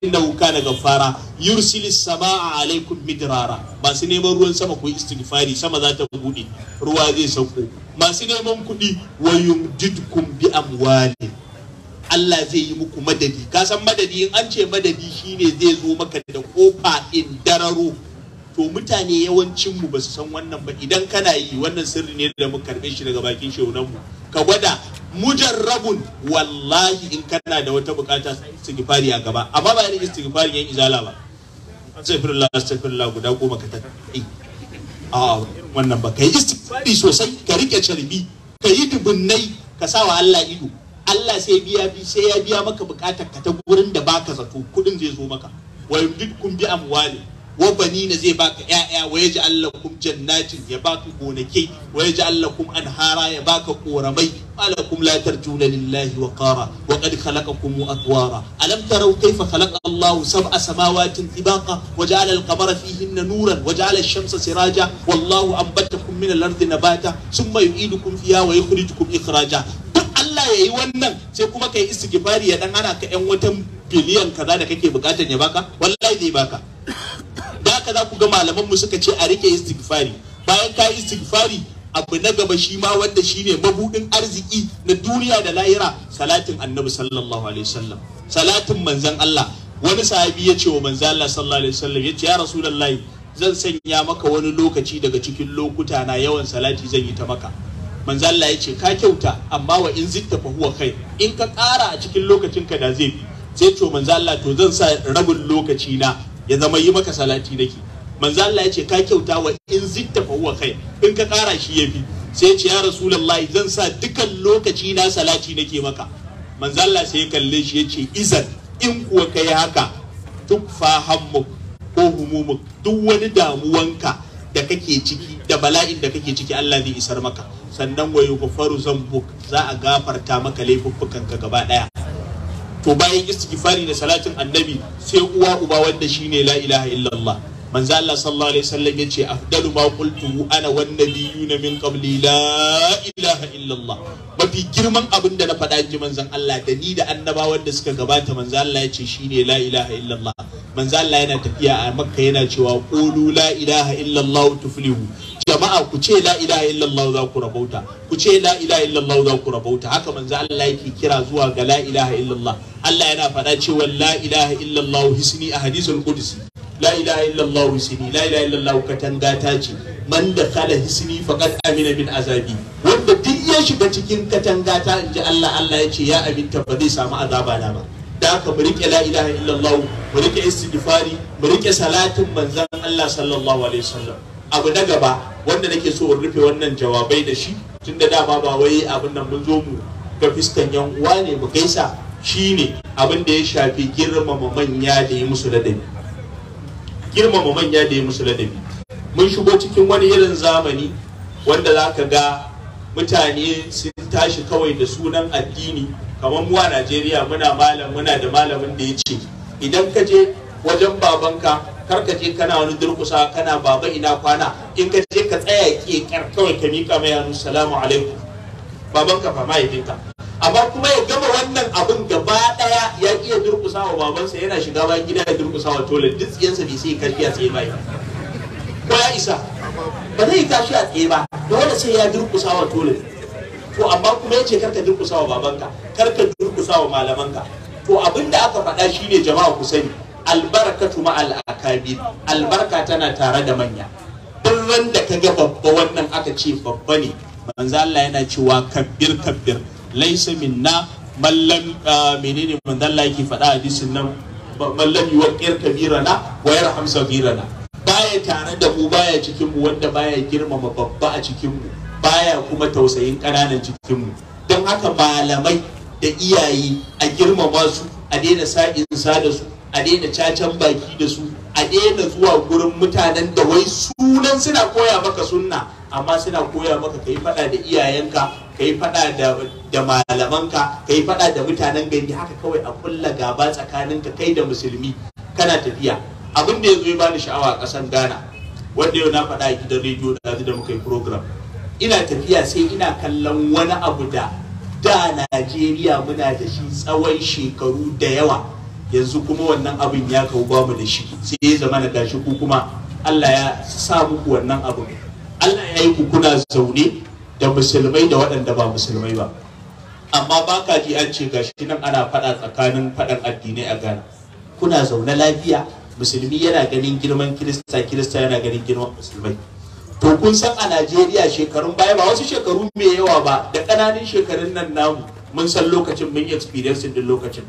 B: inna kana gaffara yursilis samaa alaikum midrara masu neman ruwan sama ku istighfari sama za ta bude ruwa zai sauko masu neman kuɗi wa yumdidkum bi amwali Allah zai yi muku madadi ka san madadi in an ce madadi shine zai zo maka da kofa in dararo to mutane yawancin mu ba su san wannan ba idan kana yi wannan sirri ne da muka karbe shi daga bakin shehunan mu ka gwada mujarrabun wallahi in kana da wata bukata istighfari a gaba amma ba irin istighfari yan izala ba astaghfirullah astaghfirullah guda goma ka ta a wannan ba kai istighfari sosai ka rike charbi ka yi dubunnai ka sa wa Allah ido Allah sai biya bi sai ya biya maka bukatar ka ta gurin da baka zato kudin zai zo maka wa yumdidkum bi amwali wa ne zai baka ƴaƴa wa Allah kum jannatin ya baka gonake wa Allah kum anhara ya baka koramai malakum la tarjuna lillahi wa qara wa qad khalaqakum atwara alam taraw kayfa khalaqa Allahu sab'a samawatin tibaqa wa ja'ala al-qamara fihinna nuran wa ja'ala ash-shamsa siraja wallahu anbatakum min al-ardi nabata thumma yu'idukum fiha wa yukhrijukum ikhraja Allah ya yi wannan sai kuma kai istighfari ya dan ana ka ƴan watan biliyan kaza da kake bukatan ya baka wallahi zai baka da ka za ku ga malaman mu suka ce a rike istighfari bayan ka istighfari abu na gaba shi ma wanda shine mabuɗin arziki na duniya da lahira salatin annabi sallallahu alaihi wasallam salatin manzon Allah wani sahabi ya ce wa manzon Allah sallallahu alaihi wasallam ya ce ya rasulullahi zan sanya maka wani lokaci daga cikin lokuta na yawan salati zan yi ta maka manzon Allah ya ce ka kyauta amma wa in zitta fa huwa kai in ka ƙara a cikin lokacin ka da zai sai ce manzon Allah to zan sa rabin lokaci na ya zama yi maka salati nake manzo Allah ya ce ka kyauta wa in zitta fa huwa kai in ka kara shi yafi sai ya ce ya rasulullahi zan sa dukan lokaci na salati nake maka manzo Allah sai ya kalle shi ya ce izan in kuwa kai haka fa hammu ko humumu duk wani damuwanka da kake ciki da bala'in da kake ciki Allah zai isar maka sannan wayo zan zambuk za a gafarta maka laifuffukan ka gaba daya to bayan istighfari da salatin annabi sai uwa uba wanda shine la ilaha illallah manzo Allah sallallahu alaihi wasallam yace afdalu ma qultu ana wan nabiyuna min qabli la ilaha illallah mafi girman abin da na faɗa ji manzon Allah da ni da annabawan da suka gabata manzo Allah yace shine la ilaha illallah manzo Allah yana tafiya a Makka yana cewa qulu la ilaha illallah tuflihu jama'a ku ce la ilaha illallah za ku rabauta ku ce la ilaha illallah za ku rabauta haka manzo Allah yake kira zuwa ga la ilaha illallah Allah yana faɗa cewa la ilaha illallah hisni a hadisul qudsi la ilaha illallah hisni la ilaha illallah katanga ta ce man da kala hisni faqad amina min azabi wanda duk ya shiga cikin katanga ta inji Allah Allah ya ce ya aminta ba zai samu azaba na ba da ka mu rike la ilaha illallah mu rike istighfari mu rike salatin manzon Allah sallallahu alaihi wasallam abu na gaba wanda nake so in rufe wannan jawabai da shi tun da dama ba wai abin nan mun zo mu ga fiskan yan uwa ne mu gaisa shine abin da ya shafi girmama manya da yi musu ladabi girmama manya da yi musu ladabi mun shigo cikin wani irin zamani wanda za ka ga mutane sun tashi kawai da sunan addini kamar mu a Najeriya muna malam muna da malamin da ya ce idan ka je wajen babanka kar ka je kana wani durkusa kana baba ina kwana in ka je ka tsaya ki kyar kawai ka mika mai hannu salamu alaikum baban ka fa mahaifinka amma kuma ya gama wannan abun gaba daya ya iya durkusa wa babansa yana shiga bayan gida ya durkusa wa tole duk tsiyansa bai sai karfi a tsaye bai ko ya isa ba zai tashi a tsaye ba dole sai ya durkusa wa tole to amma kuma ya ce kar ka durkusa wa babanka kar ka durkusa wa malamanka to abin da aka faɗa shine jama'a ku sani albarkatu ma'al akabir albarka tana tare da manya duk da ka ga babba wannan aka ce babba ne manzo Allah yana cewa kabbir kabbir laysa minna mallam ah, menene manzo Allah yake faɗa hadisin nan mallam kabirana wa yarham sabirana baya tare da mu baya cikin mu wanda baya girmama babba a cikin mu baya kuma tausayin ƙananan cikin mu don haka malamai da iyaye a girmama su a daina sa'in sa da su a daina cacan baki da su a daina zuwa gurin mutanen da wai sunan suna koya maka sunna amma suna koya maka kai faɗa da iyayenka kai fada da da malamanka kai faɗa da mutanen gari haka kawai a kulla gaba tsakaninka kai da musulmi kana tafiya abin da ya zo ya bani sha'awa a ƙasan Ghana wanda yau na faɗa a gidan rediyo da da muka yi program ina tafiya sai ina kallon wani abu da da Najeriya muna da shi tsawon shekaru da yawa yanzu kuma wannan abin ya kawo bamu da shi sai ya zama na gashi ku kuma Allah ya sa muku wannan abin Allah ya yi ku kuna zaune da musulmai da waɗanda ba musulmai ba amma ba ka ji an ce gashi nan ana faɗa tsakanin faɗan addinai a Ghana kuna zaune lafiya musulmi yana ganin girman kirista kirista yana ganin girman musulmai to kun san a Najeriya shekarun baya ba wasu shekaru mai yawa ba da ƙananan shekarun nan namu mun san lokacin mun experience din lokacin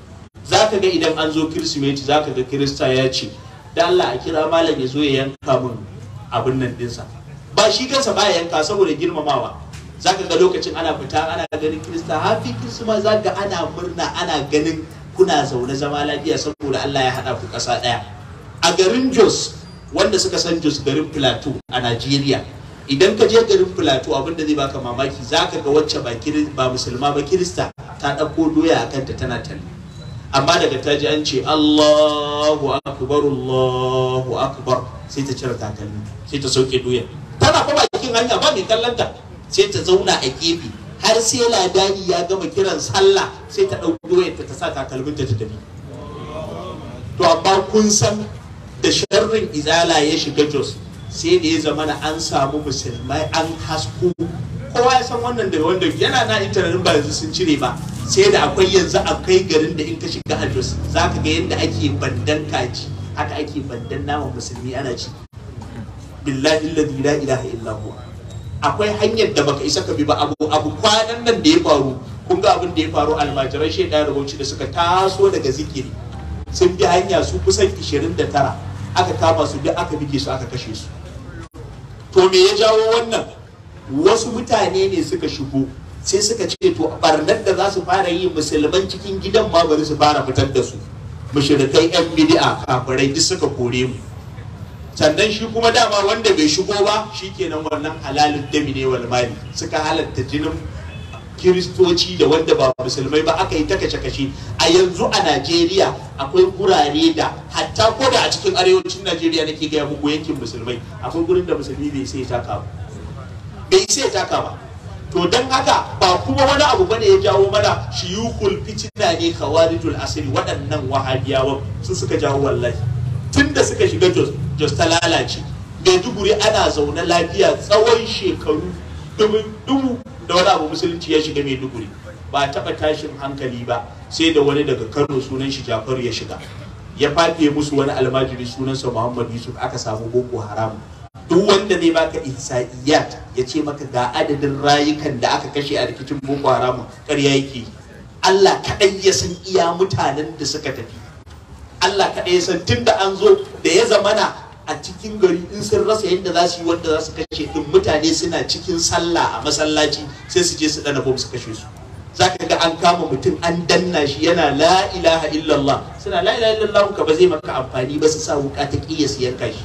B: za ka ga idan an zo kirsimeti za ka ga kirista ya ce da Allah a kira malam ya zo ya yanka mun abin nan dinsa ba shi kansa ba yanka saboda girmamawa za ka ga lokacin ana fita ana ganin kirista hafi kirsima za ga ana murna ana ganin kuna zaune zama lafiya saboda Allah ya haɗa ku ƙasa ɗaya a garin Jos wanda suka san Jos garin Plateau a Najeriya idan ka je garin Plateau abin da zai baka mamaki za ka ga wacce ba musulma ba kirista ta ɗauko doya a kanta tana talle amma daga ta ji an ce Allahu akbar Allahu akbar sai ta cire takalmi sai ta sauke doyan. tana fa cikin hanya ba mai kallanta sai ta zauna a gefe har sai ladani ya gama kiran sallah sai ta ɗauki doyar ta sa takalmin ta tafi to amma kun san da sharrin izala ya shiga Jos sai da ya zama na an samu musulmai an hasko kowa ya san wannan da wanda yana na intanet ba yanzu sun cire ba sai da akwai yanzu akwai garin da in ka shiga address za ka ga yadda ake bandan kaji haka ake bandan naman musulmi ana ci billahi alladhi la ilaha illa akwai hanyar da baka isa ka bi ba abu abu kwanan nan da ya faru kun ga abin da ya faru almajiran shaida da da suka taso daga zikiri sun bi hanya su kusan 29 aka kama su duk aka bige su aka kashe su to me ya jawo wannan wasu mutane ne suka shigo sai suka ce to barnar da za su fara yi musulman cikin gidan ma bari su fara fitar da su mashirikai yan bidi'a kafirai duk suka kore mu sannan shi kuma dama wanda bai shigo ba shi kenan wannan halalin dami ne suka halatta jinin kiristoci da wanda ba musulmai ba aka yi ta kashe-kashe a yanzu a najeriya akwai gurare da hatta ko da a cikin arewacin najeriya nake gaya muku yankin musulmai akwai gurin da musulmi bai sai taka ba bai sai taka ba to don haka ba kuma wani abu bane ya jawo mana shiyukul fitina ne kawarijul asiri waɗannan wahabiyawan su suka jawo wallahi da suka shiga jos ta lalace maiduguri ana zaune lafiya tsawon shekaru dubu da wani abu musulunci ya shiga mai maiduguri ba taɓa tashin hankali ba sai da wani daga kano sunan shi jafaru ya shiga ya faɗi musu wani almajiri sunansa muhammad yusuf aka samu boko haram duk wanda ne baka ihsa'iyat ya ce maka ga adadin rayukan da aka kashe a rikicin boko haram ƙarya yake Allah kaɗai ya san iya mutanen da suka tafi Allah kaɗai ya san tun da an zo da ya zamana a cikin gari in sun rasa yadda za su yi wanda za su kashe din mutane suna cikin sallah a masallaci sai su je su dana bom su kashe su za ka ga an kama mutum an danna shi yana la ilaha illallah suna la ilaha illallah ka ba zai maka amfani ba su sa wuka ta kiya su yanka shi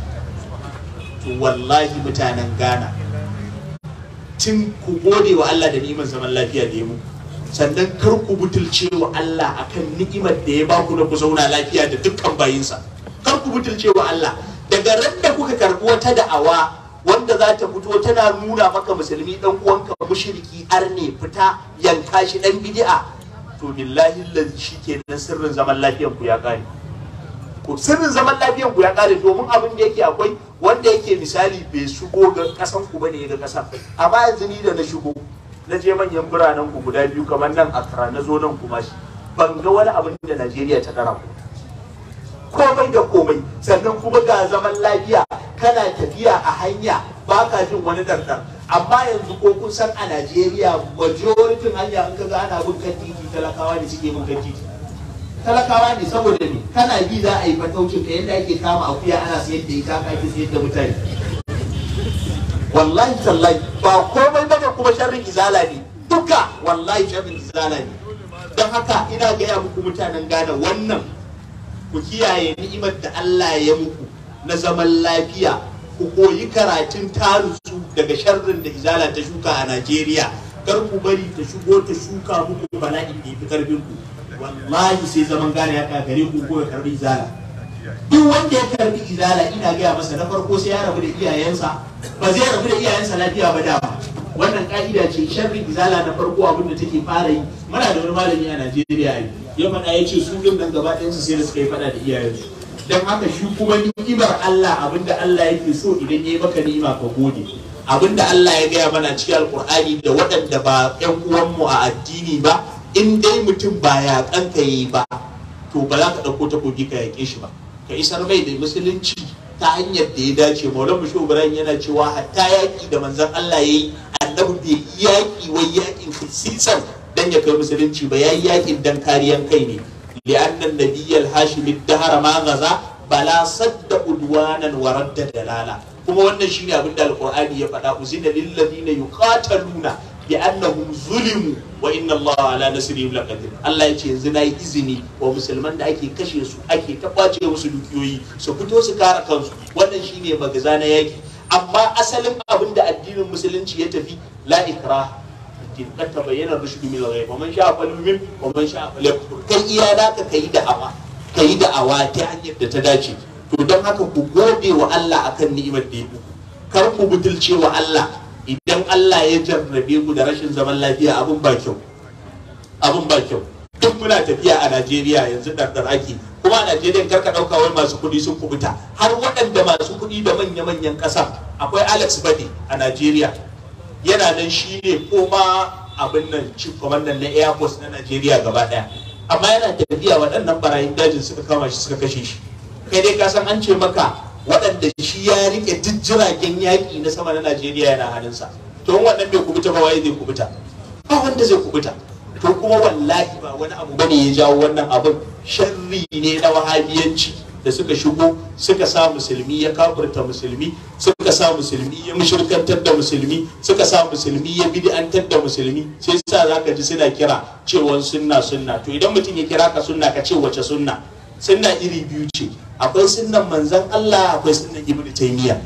B: to wallahi mutanen gana tun ku gode wa Allah da niman zaman lafiya da ya muku sannan kar ku butulce wa Allah akan ni'imar da ya ba ku na ku zauna lafiya da dukkan bayinsa kar ku butulce wa Allah daga ran da kuka karɓi wata da'awa wanda za ta fito tana nuna maka musulmi dan uwanka mushriki arne fita yanka shi dan bid'a to billahi lazi nan sirrin zaman lafiyar ku ya kare ku sirrin zaman lafiyar ku ya kare domin abin da yake akwai wanda yake misali bai shigo ga kasan ku bane ga kasan amma yanzu ni da na shigo na je manyan biranen ku guda biyu kamar nan Accra na zo nan kuma shi ban ga wani abin da Najeriya ta kara komai da komai sannan kuma ga zaman lafiya kana tafiya a hanya ba ka jin wani dardar amma yanzu ko kun san a najeriya majoritin hanya in ka ga ana bin kan titi talakawa ne suke bin kan titi talakawa ne saboda ne kana bi za a yi fataucin ka yadda ake kama akuya ana sayar da ita ake sayar da mutane wallahi tallahi ba komai bane kuma sharrin izala ne duka wallahi sharrin izala ne don haka ina gaya muku mutanen gane wannan ku kiyaye ni'imar da Allah ya muku na zaman lafiya ku koyi karatun tarusu daga sharrin da izala ta shuka a Najeriya kar ku bari ta shigo ta shuka muku bala'i da fi karbin ku wallahi sai zaman gane ya gare ku ko ya karbi izala duk wanda ya karbi izala ina gaya masa na farko sai ya rabu da iyayensa ba zai rabu da iyayensa lafiya ba dama wannan ka'ida ce sharri izala na farko abin da take fara yi muna da wani malami a Najeriya ne ya faɗa ya ce su din gaba gaba su sai da suka yi faɗa da iyayensu don haka shi kuma ni'imar Allah abinda Allah yake so idan ya yi maka ni'ima ka gode da Allah ya gaya mana cikin alkur'ani da waɗanda ba 'yan uwanmu a addini ba in dai mutum ba ya kanka yi ba to ba za ka ɗauko ta kogi ka yaƙe shi ba ka isar mai da musulunci ta hanyar da ya dace maulan mu ibrahim yana cewa hatta yaƙi da manzon Allah ya yi annabi bai yi yaƙi wai yaƙin fisisan dan ya kai musulunci ba yayi yaƙin dan kariyan kai ne li'annan nabiyyal hashimi dahara ma gaza bala sadda udwanan wa radda dalala kuma wannan shine abin da alqur'ani ya faɗa uzina lil ladina yuqataluna bi annahum zulimu wa inna Allah ala nasrihim
A: laqadir Allah yace yanzu na yi izini wa musulman da ake kashe su ake ta musu dukiyoyi
B: su fito su kare kansu wannan shine magaza na yaki amma asalin abin da addinin musulunci ya tafi la ikraha addini kan ta bayyana rushdu min al-ghayb wa man sha'a falyumin wa man sha'a falyakfur kai iya da ka kai da awa kai da awa ta hanyar da ta dace to don haka ku gode wa Allah akan ni'imar da ya muku kar ku butulce wa Allah idan Allah ya jarrabe ku da rashin zaman lafiya abun ba kyau abun ba kyau duk muna tafiya a Najeriya yanzu dardar ake kuma a Najeriya karka dauka wai masu kuɗi sun kubuta har waɗanda masu kuɗi da manya-manyan ƙasa akwai Alex Bade a Najeriya yana nan shi ne koma abin nan chief commander na Air Force na Najeriya gaba ɗaya amma yana tafiya waɗannan barayin dajin suka kama shi suka kashe shi kai dai ka san an ce maka waɗanda shi ya riƙe duk jiragen yaƙi na sama na najeriya yana hannunsa to wannan bai kubuta ba waye zai kubuta ba wanda zai kubuta to kuma wallahi ba wani abu bane ya jawo wannan abin sharri ne na wahabiyanci da suka shigo suka sa musulmi ya kafurta musulmi suka sa musulmi ya mushirkantar da musulmi suka sa musulmi ya bid'antar da musulmi sai sa zaka ji suna kira cewa sunna sunna to idan mutum ya kira ka sunna ka ce wace sunna sunna iri biyu ce akwai sunnan manzan Allah akwai sunnan ibnu taymiya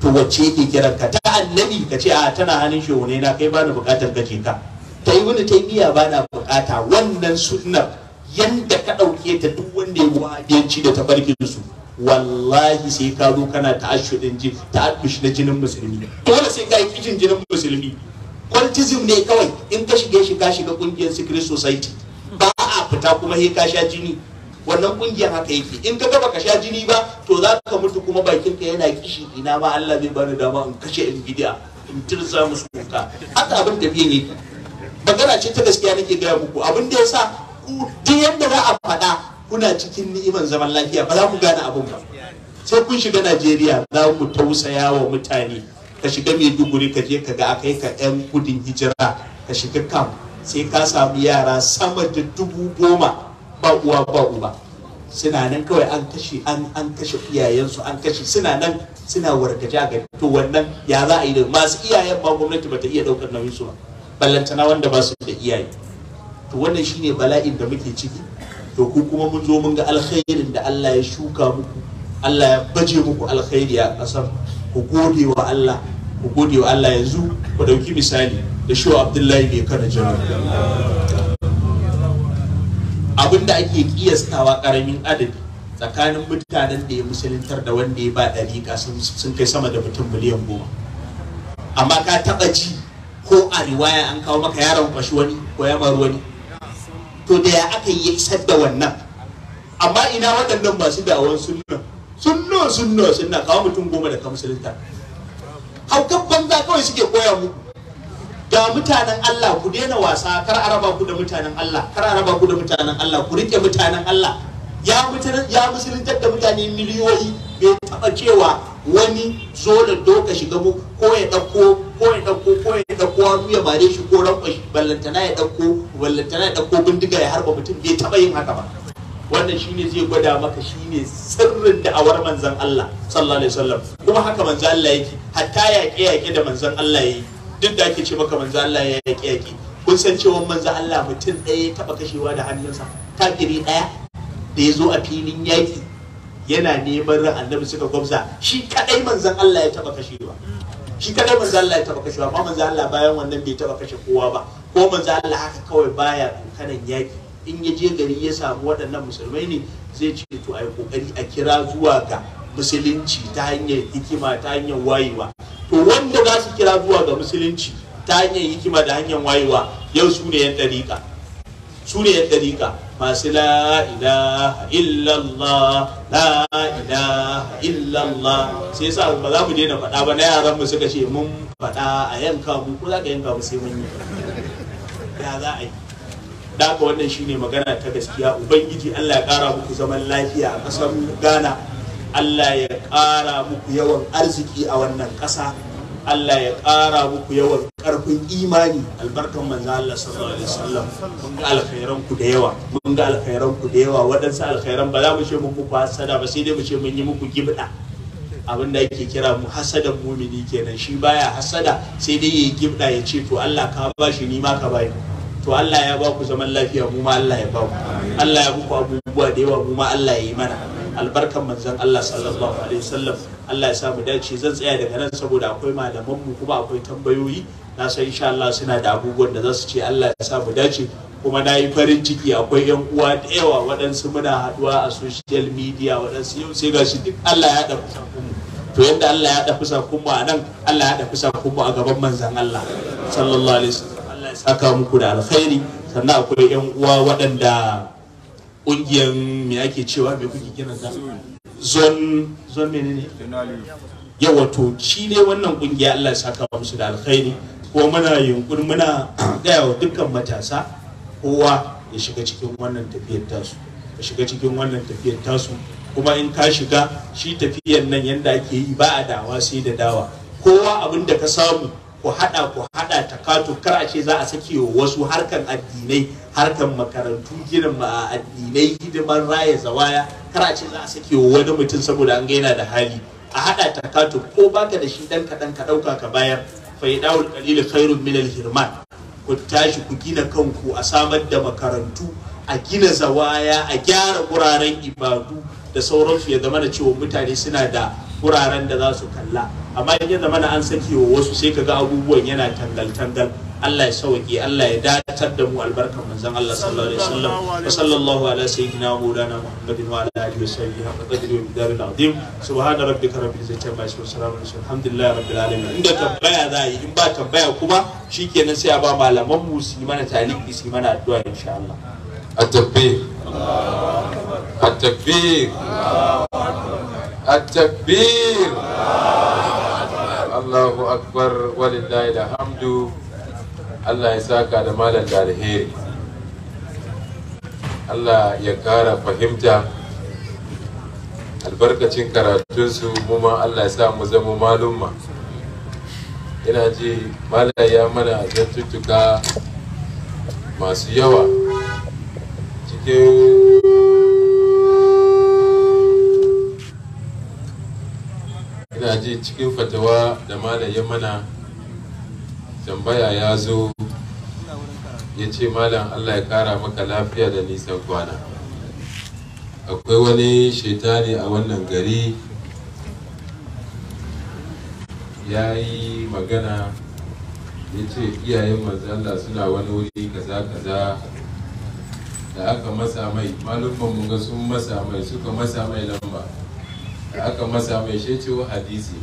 B: to wacce yake kiran ka ta annabi ka ce a tana hannun shi ne na kai bani bukatar kace ka ta ibnu taymiya bana bukata wannan sunnar yanda ka dauke ta duk wanda ya wadanci da tabarkin su wallahi sai ka zo kana ta'ashudin jin ta'addush na jinin musulmi dole sai ka yi kijin jinin musulmi kwantizm ne kawai in ka shige shi ka shiga kungiyar secret society ba a fita kuma sai ka sha jini wannan kungiyar haka yake in ka gaba ka sha jini ba to za ka mutu kuma bakin ka yana kishi ina ma Allah zai bani dama in kashe in gida. in tirza musu kuka haka abin tafiyan yake magana ce ta gaskiya nake gaya muku abin da yasa duk yadda za a faɗa kuna cikin ni'iman zaman lafiya ba za ku gane abin ba sai kun shiga Najeriya za ku tausaya wa mutane ka shiga Maiduguri ka je ka ga akai ka ɗan gudun hijira ka shiga kam sai ka samu yara sama da dubu goma ba uwa ba uba suna nan kawai an kashe an an kashe iyayensu an kashe suna nan suna wargaja ga to wannan ya za a yi da masu iyayen ba gwamnati bata iya daukar nauyin su ba ballantana wanda ba su da iyaye to wannan shine bala'in da muke ciki to ku kuma mun zo mun ga alkhairin da Allah ya shuka muku Allah ya baje muku alkhairi a kasar ku gode wa Allah ku gode wa Allah yanzu ku dauki misali da shi Abdullahi bai kana jira abinda ake kiyastawa karamin adadi tsakanin mutanen da ya musuluntar da wanda ya ba ɗariƙa sun kai sama da mutum miliyan goma amma ka taɓa ji ko a riwaya an kawo maka yaron kwashi wani ko ya maru wani to da ya aka yi isar da wannan amma ina waɗannan masu dawon sunna sunna sunna sunna kawo mutum goma da ka musulunta kan banza kawai suke koya muku ga mutanen Allah ku daina wasa kar a raba ku da mutanen Allah kar a raba ku da mutanen Allah ku rike mutanen Allah ya ya musuluntar da mutane miliyoyi bai taba cewa wani zo da doka shiga mu ko ya dauko ko ya dauko ko ya dauko hannu ya bare shi ko rankwa shi ballantana ya dauko ballantana ya dauko bindiga ya harba mutum bai taba yin haka ba wannan shine zai gwada maka shine sirrin da awar manzon Allah sallallahu alaihi wasallam kuma haka manzon Allah yake hatta yaƙe yaƙe da manzon Allah yake duk da ake ce maka manzo Allah ya yaƙi yaƙi kun san cewa manzo Allah mutum ɗaya ya taɓa kashewa da hannunsa kafiri ɗaya da ya zo a filin yaƙi yana neman ran annabi suka gwabza shi kadai manzon Allah ya taɓa kashewa shi kadai manzo Allah ya taba kashewa amma manzo Allah bayan wannan bai taba kashe kowa ba ko manzo Allah haka kawai baya kanan yaki in ya je gari ya samu waɗannan musulmai ne zai ce to ai kokari a kira zuwa ga musulunci ta hanyar hikima ta hanyar wayewa to wanda za su kira zuwa ga musulunci ta hanyar hikima da hanyar wayewa yau su ne yan ɗariƙa su yan dariƙa. masu la ilaha illallah la ilaha illallah sai sa ba za mu daina faɗa ba na yaran mu suka ce mun faɗa a yanka mu ko za ka yanka mu sai mun yi ya za a yi da wannan shine magana ta gaskiya ubangiji Allah ya kara muku zaman lafiya a ƙasar Ghana Allah ya ƙara muku yawan arziki a wannan ƙasa Allah ya ƙara muku yawan ƙarfin imani albarkan manzo Allah sallallahu alaihi wasallam mun ga alkhairan ku da yawa mun ga alkhairan ku da yawa waɗansu alkhairan ba za mu ce muku hasada ba sai dai mu ce mun yi muku gibda abin da ake kira mu hasadan mumini kenan shi baya hasada sai dai yayi gibda ya ce to Allah ka ba shi ni ma ka ba to Allah ya ba ku zaman lafiya mu ma Allah ya ba ku Allah ya ku abubuwa da yawa mu ma Allah ya yi mana albarkan manzon Allah sallallahu alaihi wasallam Allah ya sa mu dace zan tsaya daga nan saboda akwai malaman mu kuma akwai tambayoyi na san insha Allah suna da abubuwan da za su ce Allah ya sa mu dace kuma na yi farin ciki akwai yan uwa da yawa waɗansu muna haɗuwa a social media waɗansu yau sai ga shi duk Allah ya ɗafi sakunmu to yadda Allah ya ɗafi sakunmu a nan Allah ya ɗafi sakunmu a gaban manzan Allah sallallahu alaihi wasallam Allah ya saka muku da alkhairi sannan akwai yan uwa waɗanda kungiyar me ake cewa me kuke gina ta zon zon menene ya wato shi ne wannan kungiya Allah ya saka musu da alkhairi ko muna yunkurin muna daya wa dukkan matasa kowa ya shiga cikin wannan tafiyar tasu ya shiga cikin wannan tafiyar tasu kuma in ka shiga shi tafiyar nan yanda ake yi ba a dawa sai da dawa kowa abin da ka samu ku hada ku hada takatu kar a ce za a sake wasu harkan addinai harkar makarantu a addinai hidimar raya zawaya kar a ce za a sake wani mutum saboda an ga yana da hali a haɗa takatu ko baka da shi dan kaɗan ka ɗauka ka bayar dawul qalil khairun min hirman ku tashi ku gina kanku a samar da makarantu a gina zawaya a gyara guraren ibadu da sauransu ya zama da cewa mutane suna da guraren da za su kalla amma in ya zama an sake wasu sai kaga abubuwan yana tangal tangal Allah ya sauki Allah ya datar da mu albarkar manzon Allah sallallahu alaihi wasallam wa sallallahu ala sayyidina maulana Muhammadin wa ala alihi wa sahbihi haqqa qadri wa bidar al-azim subhana rabbika rabbil izzati amma yasifun salamun alal alhamdulillahi rabbil alamin inda tambaya za yi in ba tambaya kuma shikenan sai a ba malaman mu su mana taliki su mana addu'a insha Allah
D: at-takbir at-takbir at-takbir Allahu akbar walillahi alhamdu allah ya saka da malam da alheri allah ya kara fahimta albarkacin karatunsu kuma allah ya sa mu zama malumma ina ji malam ya mana zantuttuka masu yawa cikin ina ji cikin fatawa da malam ya mana tambaya ya zo ya ce malam allah ya kara maka lafiya da nisan kwana akwai wani shaitani a wannan gari ya yi magana ya ce iyayen manzala suna wani wuri kaza kaza da aka masa mai malumman mun sun masa mai suka masa mai lamba da aka masa mai shi hadisi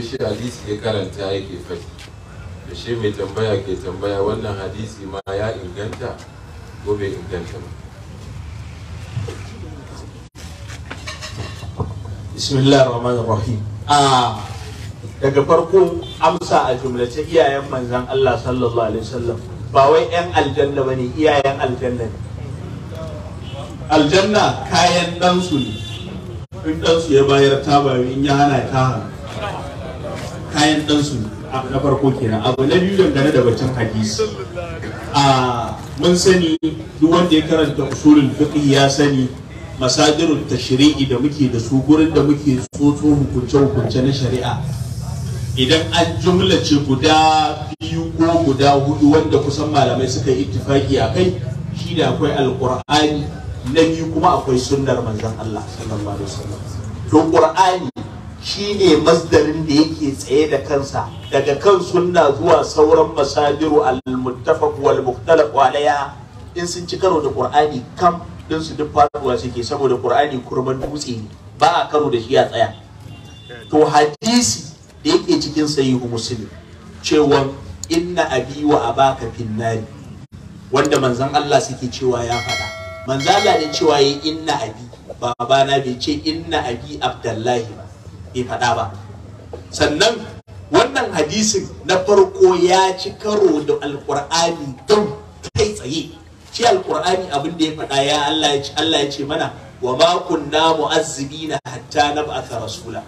D: shi hadisi ya karanta yake faɗi da shi mai tambaya ke tambaya wannan hadisi ma ya inganta ko bai inganta ba
B: bismillah rahman rahim ah. daga farko amsa a jumlace iyayen manzan Allah sallallahu alaihi wasallam ba wai yan aljanna ba ne, iyayen aljanna ne aljanna kayan ɗansu ne in ɗansu ya bayar ta in ya hana ta hana kayan ɗansu abu na farko kenan abu na biyu dangane da batun hadisi a mun sani duk wanda ya karanta usulun fiqh ya sani masadirun tashri'i da muke da su gurin da muke tsotso hukunce hukunce na shari'a idan an jumla guda biyu ko guda hudu wanda kusan malamai suka yi ittifaki a kai shi da akwai alqur'ani na biyu kuma akwai sunnar manzon Allah sallallahu alaihi wasallam to qur'ani Shi ne masdarin da yake tsaye da kansa daga kan sunna zuwa sauran masajiru al-muttafaq wal mukhtalaf alayha in sun ci karo da qur'ani kam din su duk faduwa suke saboda qur'ani kurman dutse ne ba a karo da shi a tsaya to hadisi da yake cikin sahihu muslim cewa inna abi wa abaka finnari wanda manzon Allah suke cewa ya faɗa manzon Allah ne cewa yi inna abi babana bai ce inna abi abdullahi ba bai faɗa ba sannan wannan hadisin na farko ya ci karo da alkur'ani don kai tsaye shi alkur'ani abin da ya faɗa ya Allah ya ce Allah ya ce mana wa ma kunna mu'azzibina hatta nab'atha rasula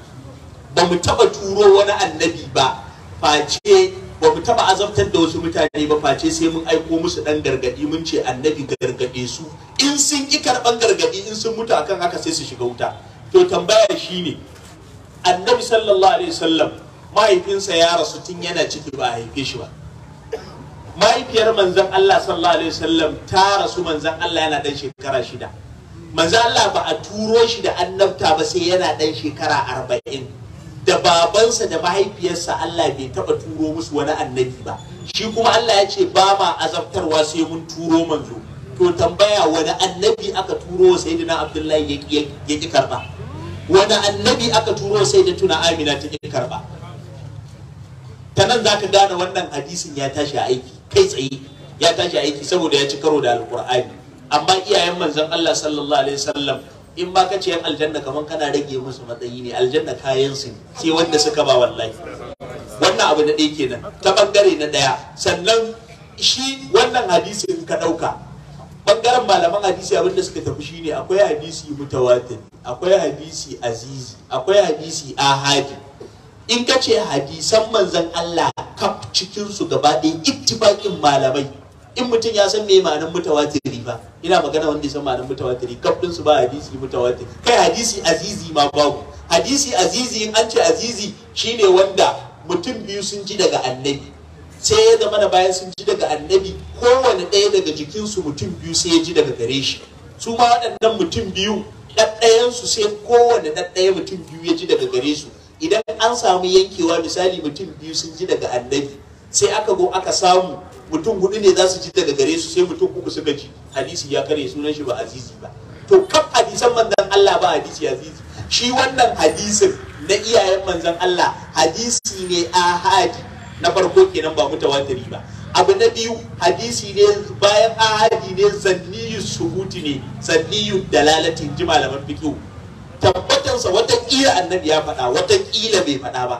B: ba mu taba turo wani annabi ba face ba mu taba azabtar da wasu mutane ba face sai mun aiko musu dan gargadi mun ce annabi gargade su in sun ƙi karban gargadi in sun mutu akan haka sai su shiga wuta to tambaya shine annabi sallallahu alaihi wasallam mahaifinsa ya rasu tun yana ciki ba a haife shi ba mahaifiyar manzan Allah sallallahu alaihi wasallam ta rasu manzan Allah yana dan shekara shida manzan Allah ba a turo shi da annabta ba sai yana dan shekara arba'in da babansa da mahaifiyarsa Allah bai taba turo musu wani annabi ba shi kuma Allah ya ce ba ma azabtarwa sai mun turo manzo to tambaya wani annabi aka turo sayyidina Abdullahi ya ki karba wani annabi aka turo sai da tuna amina ta ƙi karɓa ta nan za ka gane wannan hadisin ya tashi aiki kai tsaye ya tashi aiki saboda ya ci karo da alƙur'ani amma iyayen manzon Allah sallallahu alaihi wasallam in ba ka ce yan aljanna kamar kana rage musu matsayi ne aljanna kayan su sai wanda suka ba wallahi wannan abu na ɗaya kenan ta ɓangare na ɗaya sannan shi wannan hadisin ka ɗauka bangaren malaman hadisi abinda suka tafi shine akwai hadisi mutawatir akwai hadisi azizi akwai hadisi ahadi in ka ce hadisan manzan Allah kaf cikin su gaba ɗaya ittifaqin malamai in mutum ya san me ma'anar mutawatiri ba ina magana wanda ya san ma'anar mutawatiri kaf din su ba hadisi mutawatiri kai hadisi azizi ma babu hadisi azizi in an ce azizi shine wanda mutum biyu sun ji daga annabi sai ya zama da bayan sun ji daga annabi kowane ɗaya daga jikinsu mutum biyu sai ya ji daga gare shi su ma waɗannan mutum biyu ɗaɗɗayansu sai kowane ɗaɗɗaya mutum biyu ya ji daga gare su idan an samu yankewa misali mutum biyu sun ji daga annabi sai aka go aka samu mutum hudu ne za su ji daga gare su sai mutum uku suka ji hadisi ya kare sunan shi ba azizi ba to kaf hadisan manzan Allah ba hadisi azizi shi wannan hadisin na iyayen manzan Allah hadisi ne ahadi na farko kenan ba mutawatiri ba abu na biyu hadisi ne bayan ahadi ne zanniyu suhuti ne zanniyu dalalatin ji malaman fiqh wata kila annabi ya faɗa watakila bai faɗa ba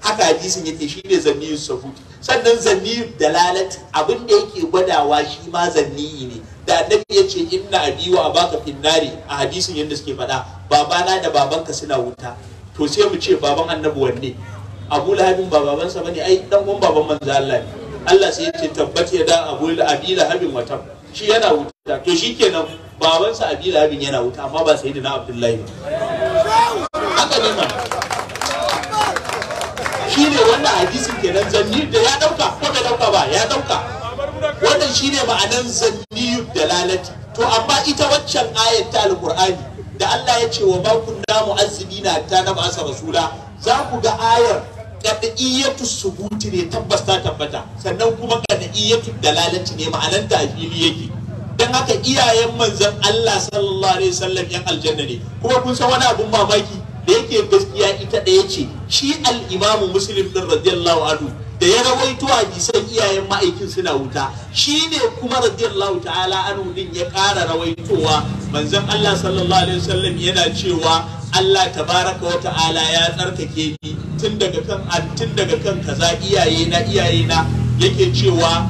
B: haka hadisin yake shine ne zanniyu suhuti sannan zanniyu dalalati abin da yake gwadawa shi ma zanniyi ne da annabi ya ce inna abi a abaka finnari a hadisin yadda suke faɗa babana da babanka suna wuta to sai mu ce baban annabi wanne abu lahabin ba babansa bane ai dan uwan baban manzo Allah ne Allah sai ya ce tabbat ya da abu abi lahabin wata shi yana wuta to shikenan babansa abi lahabin yana wuta amma ba na abdullahi ba haka ne ma shi ne wannan hadisin kenan zanni da ya dauka ko da dauka ba ya dauka wannan shi ne ma'anan zanni dalalati to amma ita waccan ayat ta alqur'ani da Allah ya ce wa ba da mu'azzibina ta nab'asa rasula za ku ga ayar qad'iyatu subuti ne tabbas ta tabbata sannan kuma da dalalati ne ma'anar ta fili yake dan haka iyayen manzon Allah sallallahu alaihi wasallam yan aljanna ne kuma kun san wani abun mamaki da yake gaskiya ita ɗaya ce shi al-imamu muslim radiyallahu anhu da ya rawaito a gisan iyayen ma'aikin suna wuta shi ne kuma radiyallahu ta'ala anu din ya ƙara rawaitowa manzon Allah sallallahu alaihi wasallam yana cewa Allah ta baraka wa ta'ala ya tsarkake ni tun daga kan tun daga kan kaza iyaye na iyaye na yake cewa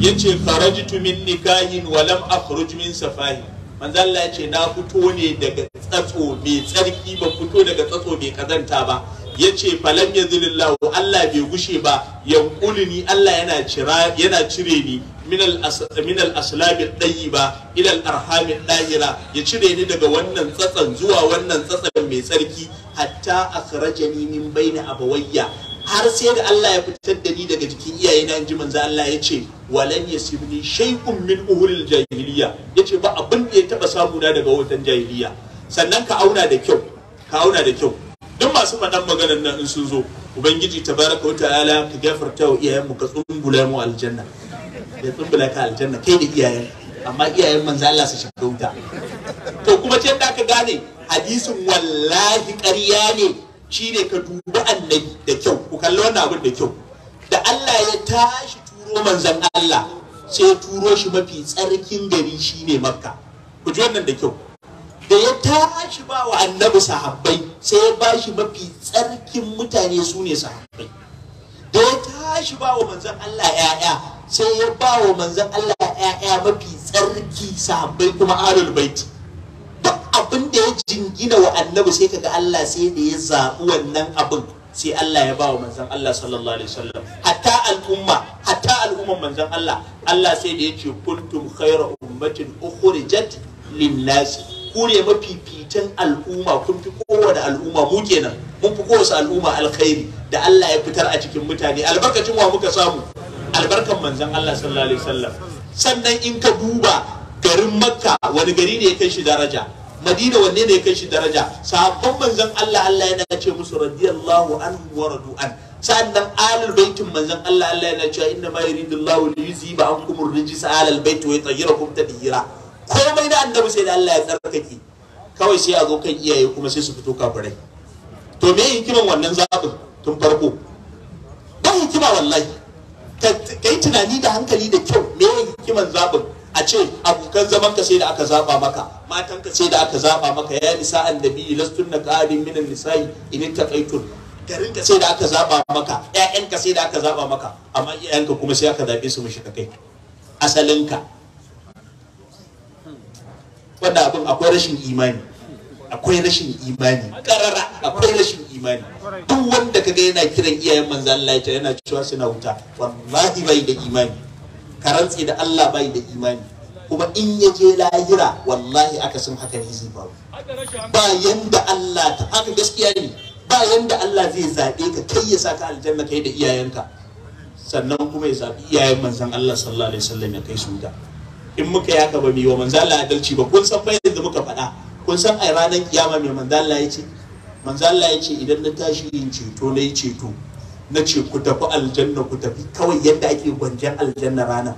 B: yace farajtu min nikahin wa lam akhruj min safahin manzon Allah ya ce na fito ne daga tsatso mai tsarki ba fito daga tsatso mai kazanta ba ya ce falam ya zilillahu Allah bai gushe ba yankulini Allah yana cira yana cire ni min al-aslabi ɗayi ba ilal arhami ɗahira ya cire ni daga wannan tsatsan zuwa wannan tsatsan mai tsarki hatta akhrajani min a abawayya har sai da Allah ya fitar da ni daga jikin iyayena in ji manzo Allah ya ce walan yasibni shay'un min uhulil jahiliya yace ba abin da ya taba samu daga wutan jahiliya sannan ka auna da kyau ka auna da kyau duk masu faɗan maganar nan in sun zo ubangiji baraka wa ta'ala ka gafarta wa iyayenmu ka tsumbula mu aljanna ya tsumbula ka aljanna kai da iyayen amma iyayen manzo Allah su shiga wuta to kuma ce da ka gane hadisin wallahi ƙarya ne shine ka dubi annabi da kyau ku kalli wannan abin da kyau da Allah ya tashi turo manzon Allah sai turo shi mafi tsarkin gari shine makka ku ji wannan da kyau da ya tashi ba wa annabi sahabbai sai ya ba shi mafi tsarkin mutane su ne sahabbai da ya tashi ba wa manzan Allah ‘ya'ya sai ya ba wa manzan Allah ‘ya'ya mafi tsarki sahabbai kuma arul baiti duk abin da ya jingina wa annabi sai kaga Allah sai da ya zaɓi wannan abin sai Allah ya ba wa manzan Allah sallallahu alaihi wasallam hatta al'umma hatta al'umman manzan Allah Allah sai da ya ce kuntum khayra ummatin ukhrijat lin-nasi ku ne fitan al'umma kun fi kowane al'umma mu kenan mun fi kowace al'umma alkhairi da Allah ya fitar a cikin mutane albarkacin wa muka samu albarkan manzon Allah sallallahu alaihi wasallam sannan in ka duba garin makka wani gari ne ya kai shi daraja madina wanne ne ya kai shi daraja sahabban manzon Allah Allah yana ce musu radiyallahu anhu wa radu'an sannan alal baitin manzon Allah Allah yana cewa inna ma yuridullahu li yuziba ankum ar-rijsa alal bait wa yutahhirakum tadhira komai na annabi sai da Allah ya tsarkake kawai sai a zo kan iyaye kuma sai su fito kafirai to me hikiman wannan zaɓin tun farko ba hikima wallahi ka yi tunani da hankali da kyau me hikiman zaɓin a ce abokan zaman ka sai da aka zaba maka matan ka sai da aka zaba maka ya nisa annabi lastunna qadin minan nisa'i in taqaitun garin ka sai da aka zaba maka ƴaƴan ka sai da aka zaba maka amma iyayen ka kuma sai aka zabe su mushi kai asalin ka wanda abin akwai rashin imani akwai rashin imani karara akwai rashin imani duk wanda kaga yana kiran iyayen manzo Allah ya yana cewa suna wuta wallahi bai da imani karantsi da Allah bai da imani kuma in ya je lahira wallahi aka sun haka ne zai faru ba yanda Allah ta haka gaskiya ne ba yanda Allah zai zabe ka kai ya saka aljanna kai da iyayenka sannan kuma ya zabi iyayen manzon Allah sallallahu alaihi wasallam ya kai su wuta. in muka ya haka ba wa Manzala Allah adalci ba kun san bayanin da muka faɗa kun san ai ranar kiyama mai Manzala ya ce Manzala ya ce idan na tashi yin ceto na yi ceto na ce ku tafi aljanna ku tafi kawai yadda ake gwanjan aljanna rana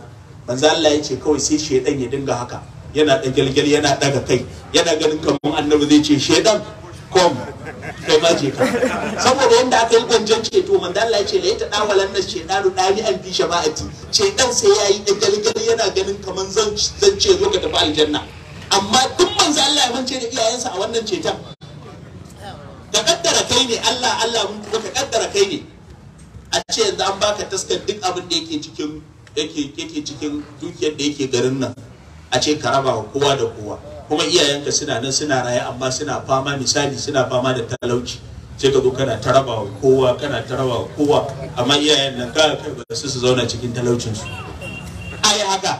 B: Manzala Allah ya ce kawai sai shedan ya dinga haka yana da yana ɗaga kai yana ganin kamar annabi zai ce shedan kom saboda yadda aka yi gwanjan ceto manzo Allah ya ce laita dawalan nas shedanu dali an bi shafa'ati shedan sai yayi galgal yana ganin kamar zan zan ce zo ka tafi aljanna amma duk manzo Allah ya mance da iyayensa a wannan ceton ka kaddara kai ne Allah Allah mun ka kaddara kai ne a ce yanzu an baka taskar duk abin da yake cikin yake yake cikin dukiyar da yake garin nan a ce ka raba wa kowa da kowa kuma iyayenka suna nan suna raye amma suna fama misali suna fama da talauci sai ka zo kana ta rabawa kowa kana ta rabawa kowa amma iyayen nan ka ba su su zauna cikin talaucin su ai haka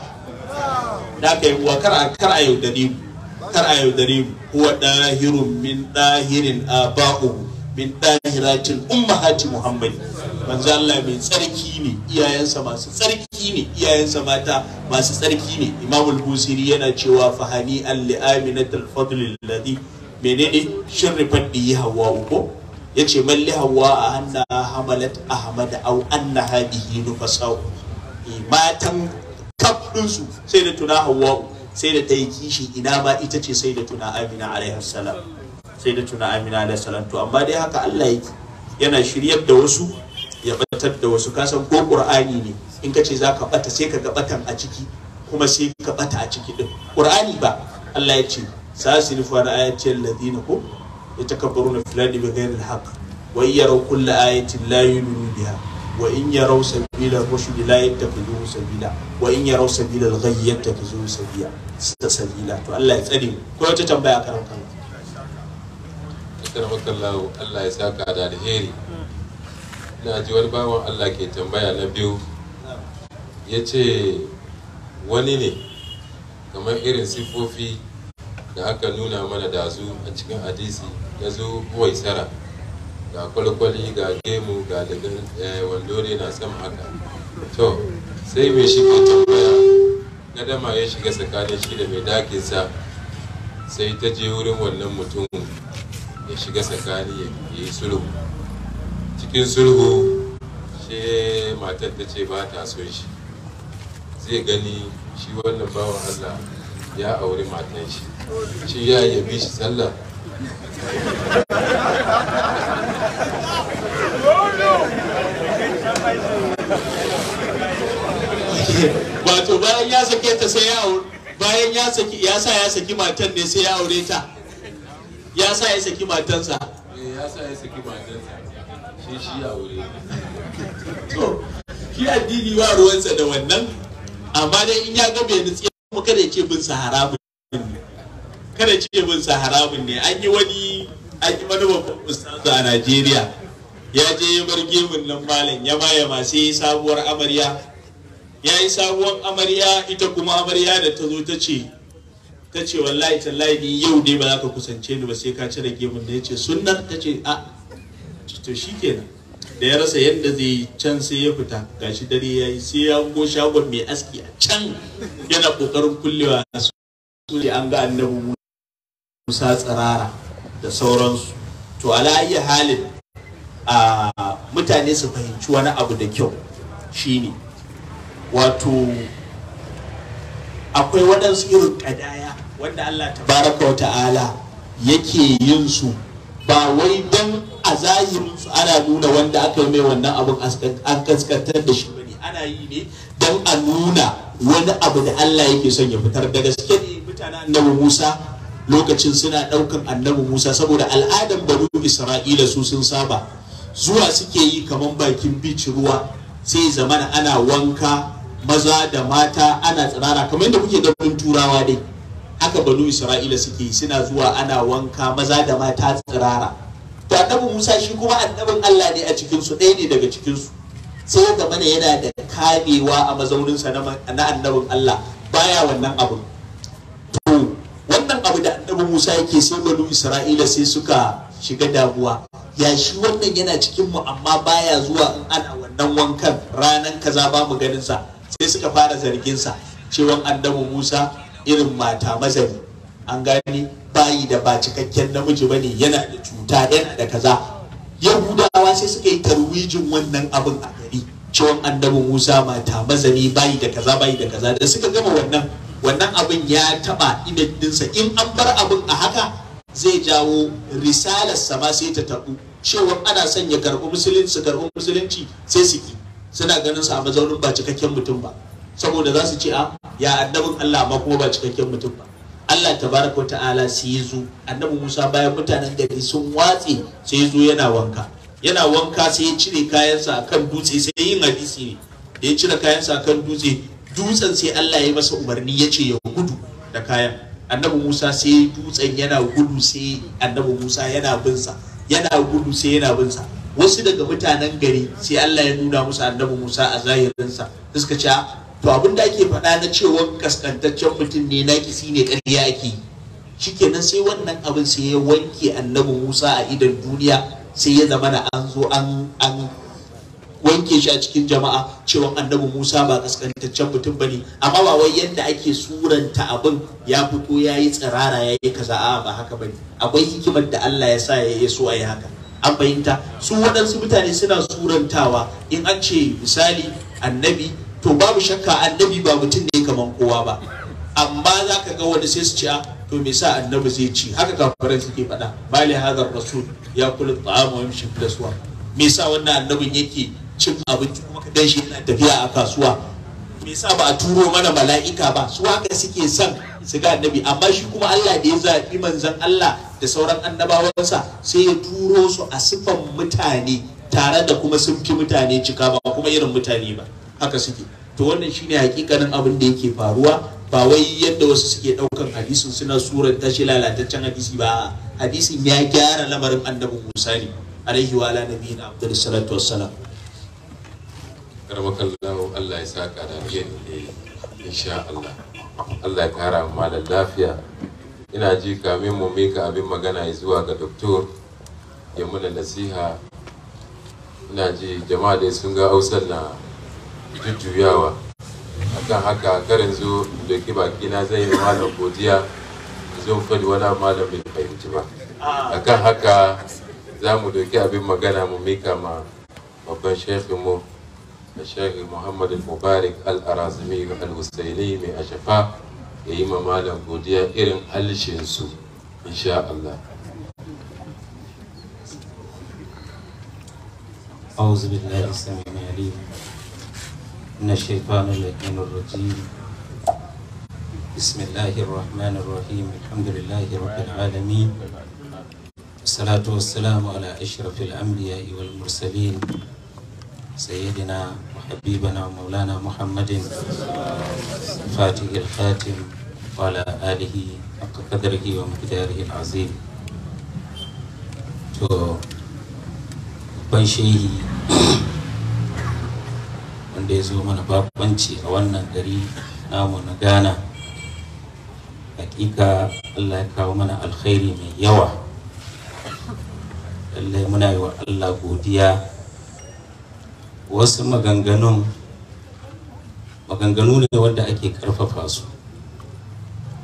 B: da ka yi kar kar a yaudare mu kar a yaudare mu huwa dahirun min dahirin aba'u min dahiratin ummahati muhammadi manzo Allah mai tsarki ne iyayensa masu tsarki tsarki ne iyayensa mata masu tsarki ne imamul busiri yana cewa fahani alli al fadl alladhi menene faddi diyi hawa uko yace malli hawa a hanna hamalat ahmad au anna hadihi nufasau eh, matan kaf su sai da tuna hawa sai da ta kishi ina ba ita ce sai da tuna amina alaihi salam sai da tuna amina alaihi salam to amma dai haka Allah yake yana shiryar da wasu ya batar da wasu kasan ko qur'ani ne in ka ce za ka bata sai ka ga batan a ciki kuma sai ka bata a ciki din qur'ani ba Allah ya ce sasirifu an ayatil ladina ko yatakabbaruna fil ardi bighayri al-haqq wa yaraw kulla ayatin la yu'minu biha wa in yaraw sabila rushd la yattakhidhuhu sabila wa in yaraw sabila alghayy ghayy yattakhidhuhu sabila sabila to Allah ya tsare
D: ko wata tambaya karan kan Allah ya saka da alheri na ji wani bawan Allah ke tambaya na biyu ya ce wani ne kamar irin sifofi da aka nuna mana dazu a cikin hadisi ya zo tsara, ga kwalkwali ga gemu ga daga eh, wando ne na sama haka to sai mai shi ke tambaya na ya shiga tsakanin shi da mai dakinsa sai ta je wurin wannan mutum ya shiga tsakani ya yi sulhu cikin sulhu she matar ta ce ba ta son shi zai gani shi wannan bawan Allah ya aure matan shi shi ya yabi shi sallah
B: wato bayan ya sake ta sai ya aure bayan ya saki ya sa ya saki matan ne sai ya aure ta ya sa ya saki matansa
D: eh, ya sa ya saki matansa shi shi ya aure
B: to ki addini ba ruwansa da wannan amma dai in ya ga bai nutse kuma kada ya ce bin sa haramun ne kada ce bin sa haramun ne an yi wani an yi wani babban ustazu a Najeriya ya je ya bar gemun nan malam ya baya ma sai sabuwar amarya ya yi sabuwar amarya ita kuma amarya da ta zo ta ce ta ce wallahi tallahi ni yau dai ba za ka kusance ni ba sai ka cire gemun da ya ce sunnar ta ce a to shikenan da ya rasa yadda zai can sai ya fita gashi dare ya yi sai ya go shagon mai aski a can yana kokarin kullewa su da an ga annabi musa tsirara da sauransu to ala ayyi halin a mutane su fahimci wani abu da kyau shine wato akwai waɗansu irin ƙadaya wanda Allah tabaraka wa ta'ala yake yin su ba wai don a zahirin su ana nuna wanda aka yi mai wannan abin an kaskantar da shi bane ana yi ne don a nuna wani abu da Allah yake son ya fitar da gaske ne mutanen annabi Musa lokacin suna ɗaukan annabi Musa saboda al'adan banu Isra'ila su sun saba zuwa suke yi kaman bakin bici ruwa sai zamana ana wanka maza da mata ana tsirara kamar yadda kuke ganin turawa dai haka banu isra'ila suke suna zuwa ana wanka maza da mata tsirara to annabi musa shi kuma annabin allah ne a cikinsu ɗaya ne daga cikinsu sai ya mana yana da kamewa a mazauninsa na annabin allah baya wannan abu to wannan abu da annabi musa yake sai banu isra'ila sai suka shiga damuwa ya shi wannan yana cikin mu amma baya zuwa in ana wannan wankan ranan kaza ba mu ganinsa sai suka fara zarginsa Cewa annabi musa irin mata mazari an gane bayi da ba cikakken namiji bane yana da cuta yana da kaza yahudawa sai suka yi tarwijin wannan abin a gari cewa annabi musa mata mazani bayi da kaza bayi da kaza da suka gama wannan wannan abin ya taba idadinsa in an bar abin a haka zai jawo risalar sama sai ta tabu cewa ana sanya ya musulunci su musulunci sai su ki suna ganin su a mazaunin ba cikakken mutum ba saboda za su ce a ah, ya annabin Allah ma kuma ba cikakken mutum ba Allah ta tabaraka ta'ala sai ya zo annabi Musa bayan mutanen gari sun watse sai ya zo yana wanka yana wanka sai ya cire kayansa a kan dutse sai yin hadisi ne da ya cire kayansa a kan dutse dutsen sai Allah ya masa umarni ya ce ya gudu da kayan annabi Musa sai dutsen yana gudu sai annabi Musa yana bin sa yana gudu sai yana bin sa wasu daga mutanen gari sai Allah ya nuna musu annabi Musa a zahirinsa suka ce to abin da ake faɗa na cewa kaskantaccen mutum ne na kisi ne ƙarya ake yi shikenan sai wannan abin sai ya wanke annabi musa a idan duniya sai ya zama na an zo an wanke shi a cikin
A: jama'a cewa annabi musa ba kaskantaccen mutum ba ne amma ba wai yadda ake suranta
B: abin ya fito ya yi tsirara ya yi kaza a ba haka ba ne akwai hikimar da allah ya sa ya so a yi haka an fahimta su waɗansu mutane suna surantawa in an ce misali annabi to babu shakka annabi ba mutum ne kamar kowa ba amma za ka ga wani sai su ci ah, to me sa annabi zai ci haka kafirai suke faɗa bali hadar rasul ya kula ta'amu wa yamshi aswaq me sa wannan annabin yake cin abinci kuma kadan shi yana tafiya a kasuwa me sa ba a turo mana mala'ika ba su haka suke son su ga annabi amma shi kuma Allah da ya zaɓi manzon Allah da sauran annabawansa sai ya turo su a sifan mutane tare da kuma sun fi mutane cika ba kuma irin mutane ba haka suke to wannan shine hakikanin abin da yake faruwa ba wai yadda wasu suke daukan hadisin suna surar tashi lalataccen hadisi ba hadisin ya gyara lamarin
D: annabi Musa ne alaihi wa ala nabiyina abdul salatu wassalam karbakallahu Allah ya saka da biyan insha Allah Allah ya kara mu da lafiya ina ji kamin mu mika abin magana zuwa ga doktor ya muna nasiha ina ji jama'a dai sun ga ausar na jujjuyawa akan haka kar yanzu doki baki na zai yi malam godiya zai faɗi wani malam bai fahimci ba akan haka za mu doki abin magana mu mika ma babban shefinmu الشيخ محمد المبارك الأرازمي الحسيني من أشفاء يما مالا غوديا إرن الشنسو إن شاء Allah.
E: أعوذ بالله السميع العليم من الشيطان اللعين الرجيم بسم الله الرحمن الرحيم الحمد لله رب العالمين والصلاة والسلام على أشرف الأنبياء والمرسلين سيدنا وحبيبنا ومولانا محمد فاتح الخاتم وعلى آله حق قدره ومقداره العظيم to ban shehi wanda ya zo mana babanci a wannan gari namu na Ghana hakika Allah ya kawo mana alkhairi mai yawa lallai muna yi wa Allah godiya wasu maganganun maganganu ne wanda ake karfafa su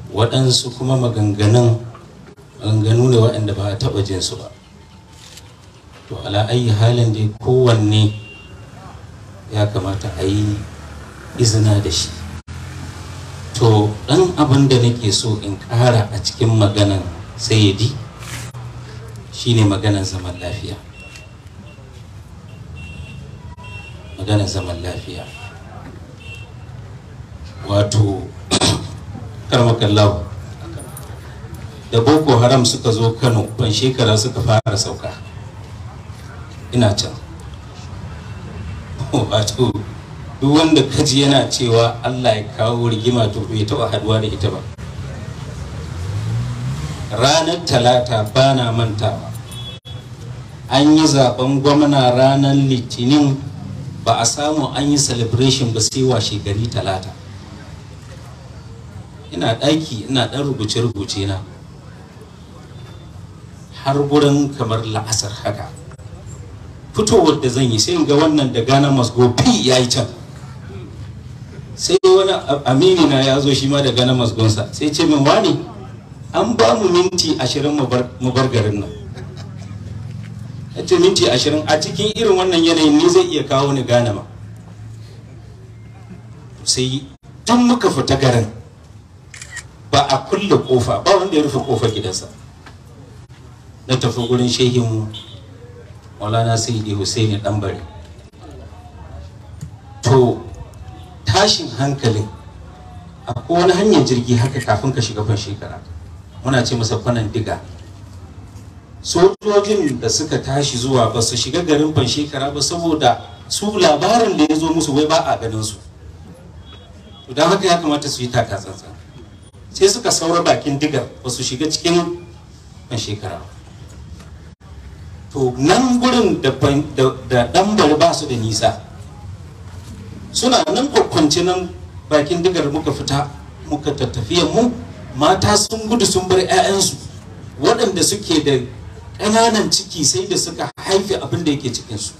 E: waɗansu kuma maganganun maganganu ne waɗanda ba a taɓa jinsu ba to ala ayi halin dai kowanne ya kamata a yi izina da shi to ɗan abin da nake so in ƙara a cikin maganan sayyadi shine maganan zaman lafiya maganan zaman lafiya wato karmakallahu da boko haram suka zo kano ban shekara suka fara sauka ina can wato duk wanda kaji yana cewa Allah ya kawo rigima to bai taɓa haduwa da ita ba ranar talata ba na mantawa an yi zaben gwamna ranar litinin ba a samu an yi celebration ba sai wa shekari talata ina ɗaki ina ɗan rubuce-rubuce na har gurin kamar la'asar haka fitowar da zan yi sai ga wannan da gana must go p ya yi can sai wani amini na ya zo shi ma da gana must gonsa sai ce min wani an ba mu minti ashirin mu bar garin nan ya ce minti ashirin a cikin irin wannan yanayin ni zai iya kawo ni gana ma sai tun muka fita garin ba a kulle kofa ba wanda ya rufe kofa gidansa na tafi gurin shehinmu maulana sayyidi husaini bari. to tashin hankalin akwai wani hanyar jirgi haka kafin ka shiga fan shekara muna ce masa fanan diga sojojin da suka tashi zuwa ba su shiga garin fan shekara ba saboda su labarin da ya zo musu wai ba a ganin su to don haka ya kamata su yi taka tsantsan sai suka saura bakin digar ba su shiga cikin fan shekara ba to nan gurin da ɗanbari ba su da nisa suna nan kwakwanci nan bakin digar muka fita muka tattafiyan mu mata sun gudu sun bar 'ya'yansu waɗanda suke da ƙananan ciki sai da suka haifi abin da yake cikinsu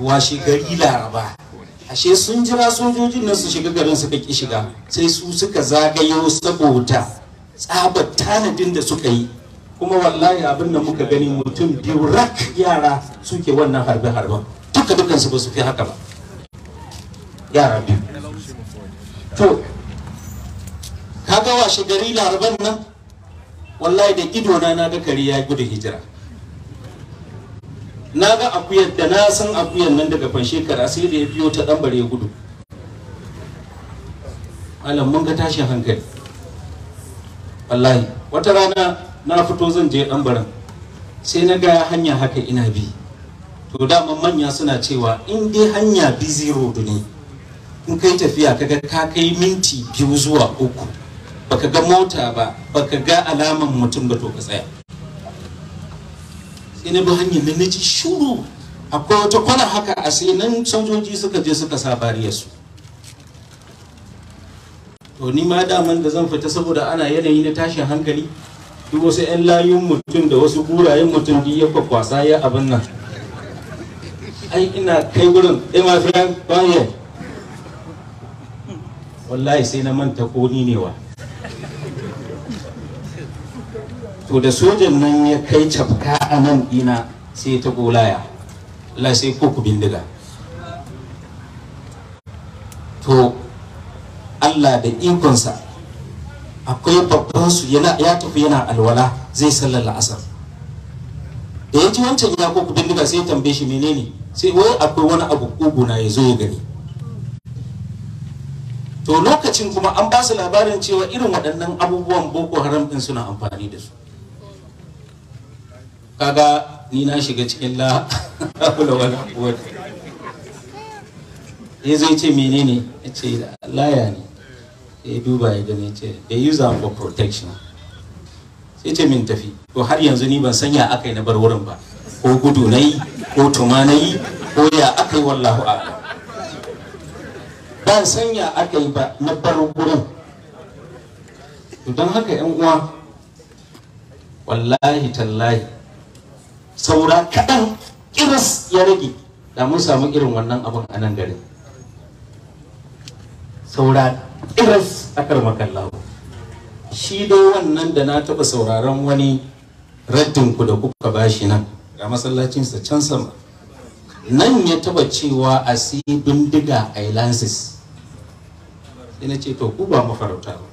E: washe gari laraba ashe sun jira sojojin nan su shiga garin suka ƙi shiga sai su suka zagayo saboda tsabar tanadin da suka yi kuma wallahi abin da muka gani mutum biyu rak yara suke wannan harbe-harben duka dukansu ba su fi haka ba yara biyu to kaga washe gari laraban nan wallahi da ido na ga kari ya gudu hijira na ga akuyar da na san akuyar nan daga fan shekara sai da ya biyo ta dan bare gudu alam mun ga tashin hankali wallahi wata rana na fito zan je baran sai na gaya hanya haka ina bi to dama manya suna cewa in dai hanya busy road ne in kai tafiya kaga ka kai minti biyu zuwa uku baka ga mota ba baka ga alaman mutum ba to ka tsaya sai na bi hanya na ji shuru akwai wata kwana haka a sai nan sojoji suka je suka sa bariyarsu to ni ma daman da zan fita saboda ana yanayi na tashin hankali duk wasu 'yan layun mutum da wasu burayen mutum duk ya kwakwasa ya abin nan ai ina kai gurin eh my wallahi sai na manta ko ni ne wa to da sojan nan ya kai cafka a nan dina sai ta golaya Allah sai ku bindiga to Allah da ikonsa akwai babban su ya tafi yana alwala zai sallar la'asar da ya ji wancan ya ko bindiga sai ya tambaye shi menene sai wai akwai wani abu kuguna ya zo ya gani to lokacin kuma an ba su labarin cewa irin waɗannan abubuwan boko haram ɗin suna amfani da su kaga ni na shiga cikin la kula wani abuwa ya zai ce menene ya ce laya ne ya duba ya gani ce da yi za for protection sai ce min tafi to har yanzu ni ban sanya aka yi na bar wurin ba ko gudu na yi ko tuma na yi ko ya aka yi wallahu a'lam ban sanya aka yi ba na bar wurin don haka yan uwa wallahi tallahi saura kaɗan kiris ya rage da mun samu irin wannan abin a nan gari. saura iras akar makallahu shi dai wannan da na taɓa sauraron wani raddin ku da kuka bashi nan ga masallacinsa can sama nan ya taɓa cewa a si bindiga a lansis sai na ce to ku ba mafarauta ba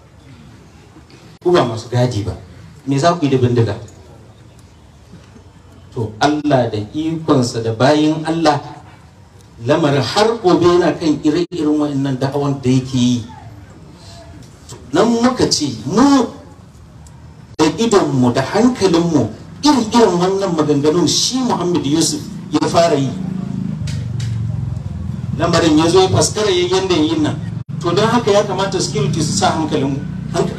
E: ku ba masu gadi ba me za ku yi da bindiga to Allah da ikonsa da bayin Allah lamarin har gobe yana kan ire-iren waɗannan da'awan da yake yi nan muka ce mu da idonmu da hankalinmu irin irin wannan maganganun shi muhammad yusuf ya fara yi lamarin ya zo ya faskara ya yanda yi nan to don haka ya kamata security su sa hankalin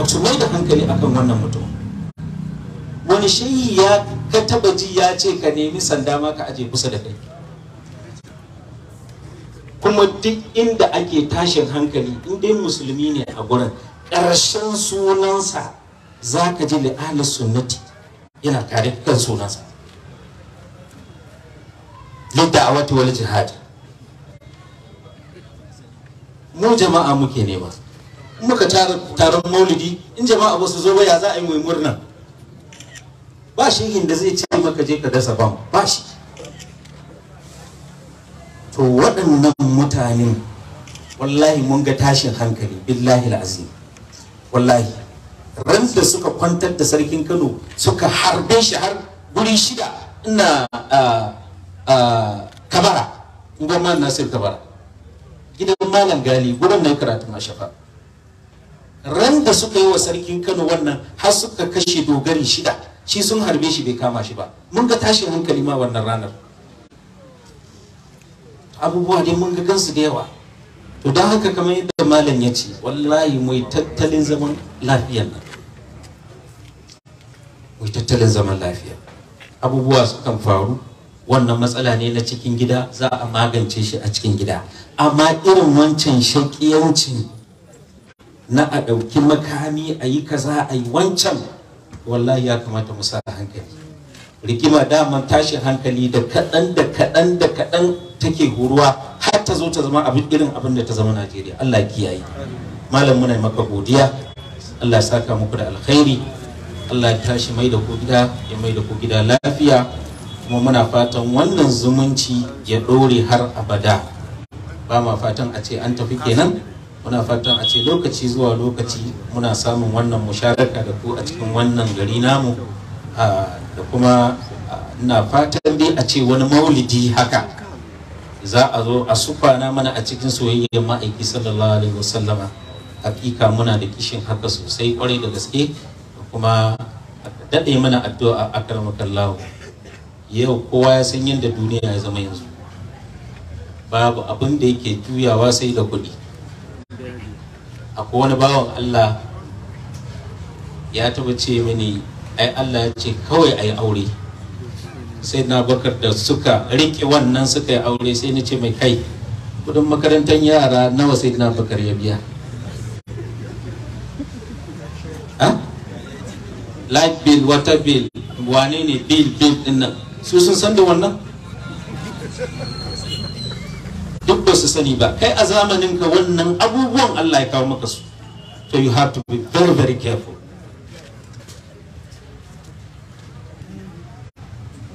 E: su mai da hankali akan wannan mutum wani shayi ya ka taba ji ya ce ka nemi sanda ma ka aje kusa da kai kuma duk inda ake tashin hankali in dai musulmi ne a gurin ƙarshen sunansa za ka ji li'alin sunnati yana tare kan sunansa lidda a wata wani jihadi mu jama'a muke nema muka taron maulidi in jama'a ba su zo ba ya za a yi mai murna ba shi da zai ce maka je ka dasa bam ba shi to waɗannan mutanen wallahi mun ga tashin hankali billahi azim wallahi ran da suka kwantar da sarkin kano suka harbe shi har guri shida ina kabara gwamnan nasir kabara gidan malam gali gurin na karatu na shafa ran da suka yi wa sarkin kano wannan har suka kashe dogari shida shi sun harbe shi bai kama shi ba mun ga tashin hankali ma wannan ranar abubuwa dai mun ga gansu da yawa to don haka kamar yadda malam ya ce wallahi mai tattalin zaman lafiyar nan mai tattalin zaman lafiya abubuwa sukan faru wannan matsala ne na cikin gida za a magance shi a cikin gida amma irin wancan shakiyancin na a ɗauki makami a yi kaza a yi wancan wallahi ya kamata mu sa hankali rigima daman tashin hankali da kaɗan da kaɗan da kaɗan take huruwa ta zo ta zama abin irin abin da ta zama Najeriya Allah kiyaye malam muna maka godiya Allah saka muku da alkhairi Allah ya tashi mai da ku gida ya mai da ku gida lafiya kuma muna fatan wannan zumunci ya dore har abada ba ma fatan a ce an tafi kenan muna fatan a ce lokaci zuwa lokaci muna samun wannan musharaka da ku a cikin wannan gari namu ah, da kuma ah, ina fatan dai a ce wani maulidi haka za a zo a sufana mana a cikin soyayyar ma'aiki sallallahu alaihi wasallama hakika muna da kishin haka sosai kwarai da gaske kuma daɗe mana addu'a a karmakallahu yau kowa ya san yadda duniya ya zama yanzu babu abin da yake juyawa sai da kuɗi akwai wani bawan Allah ya taba ce mini ai Allah ya ce kawai a yi aure sai na bakar da suka rike wannan suka yi aure sai na ce mai kai kudin makarantar yara nawa sai na bakar ya biya Ha? light bill water bill wane ne bill bill din nan
A: su sun san da wannan
E: duk ba su sani ba kai a zamanin ka wannan abubuwan Allah ya kawo maka su so you have to be very very careful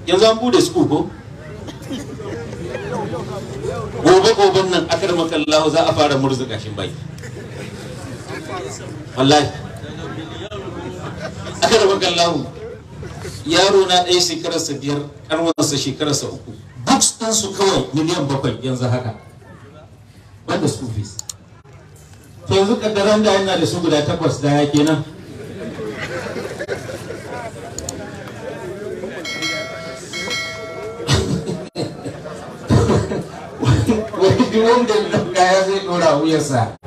E: yanzu an bude school ko gobe goben nan akar makallahu za a fara murzuka shin bai wallahi akar makallahu yaro na ɗaya shekararsa biyar ƙarwarsa shekararsa uku books su kawai miliyan bakwai yanzu haka banda school fees to yanzu ƙaddaran da yana da su guda takwas da ya kenan wani wanda da ya zai dora a wuyarsa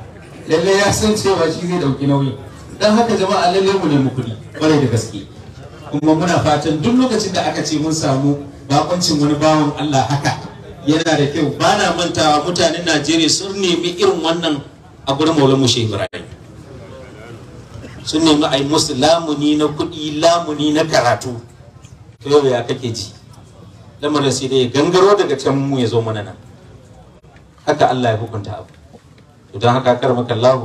E: lalle ya san cewa shi zai dauki nauyin Don haka jama'a lalle mu mu kuɗi kwarai da gaske kuma muna fatan duk lokacin da aka ce mun samu bakoncin wani bawan Allah haka yana da kyau ba na mantawa mutanen Najeriya sun nemi irin wannan a gurin Maulana Mushe Ibrahim sun nemi a yi musu lamuni na kuɗi lamuni na karatu to yau ya kake ji lamarin sai dai gangaro daga can mu ya zo mana nan haka Allah ya hukunta abu don haka kar maka Allah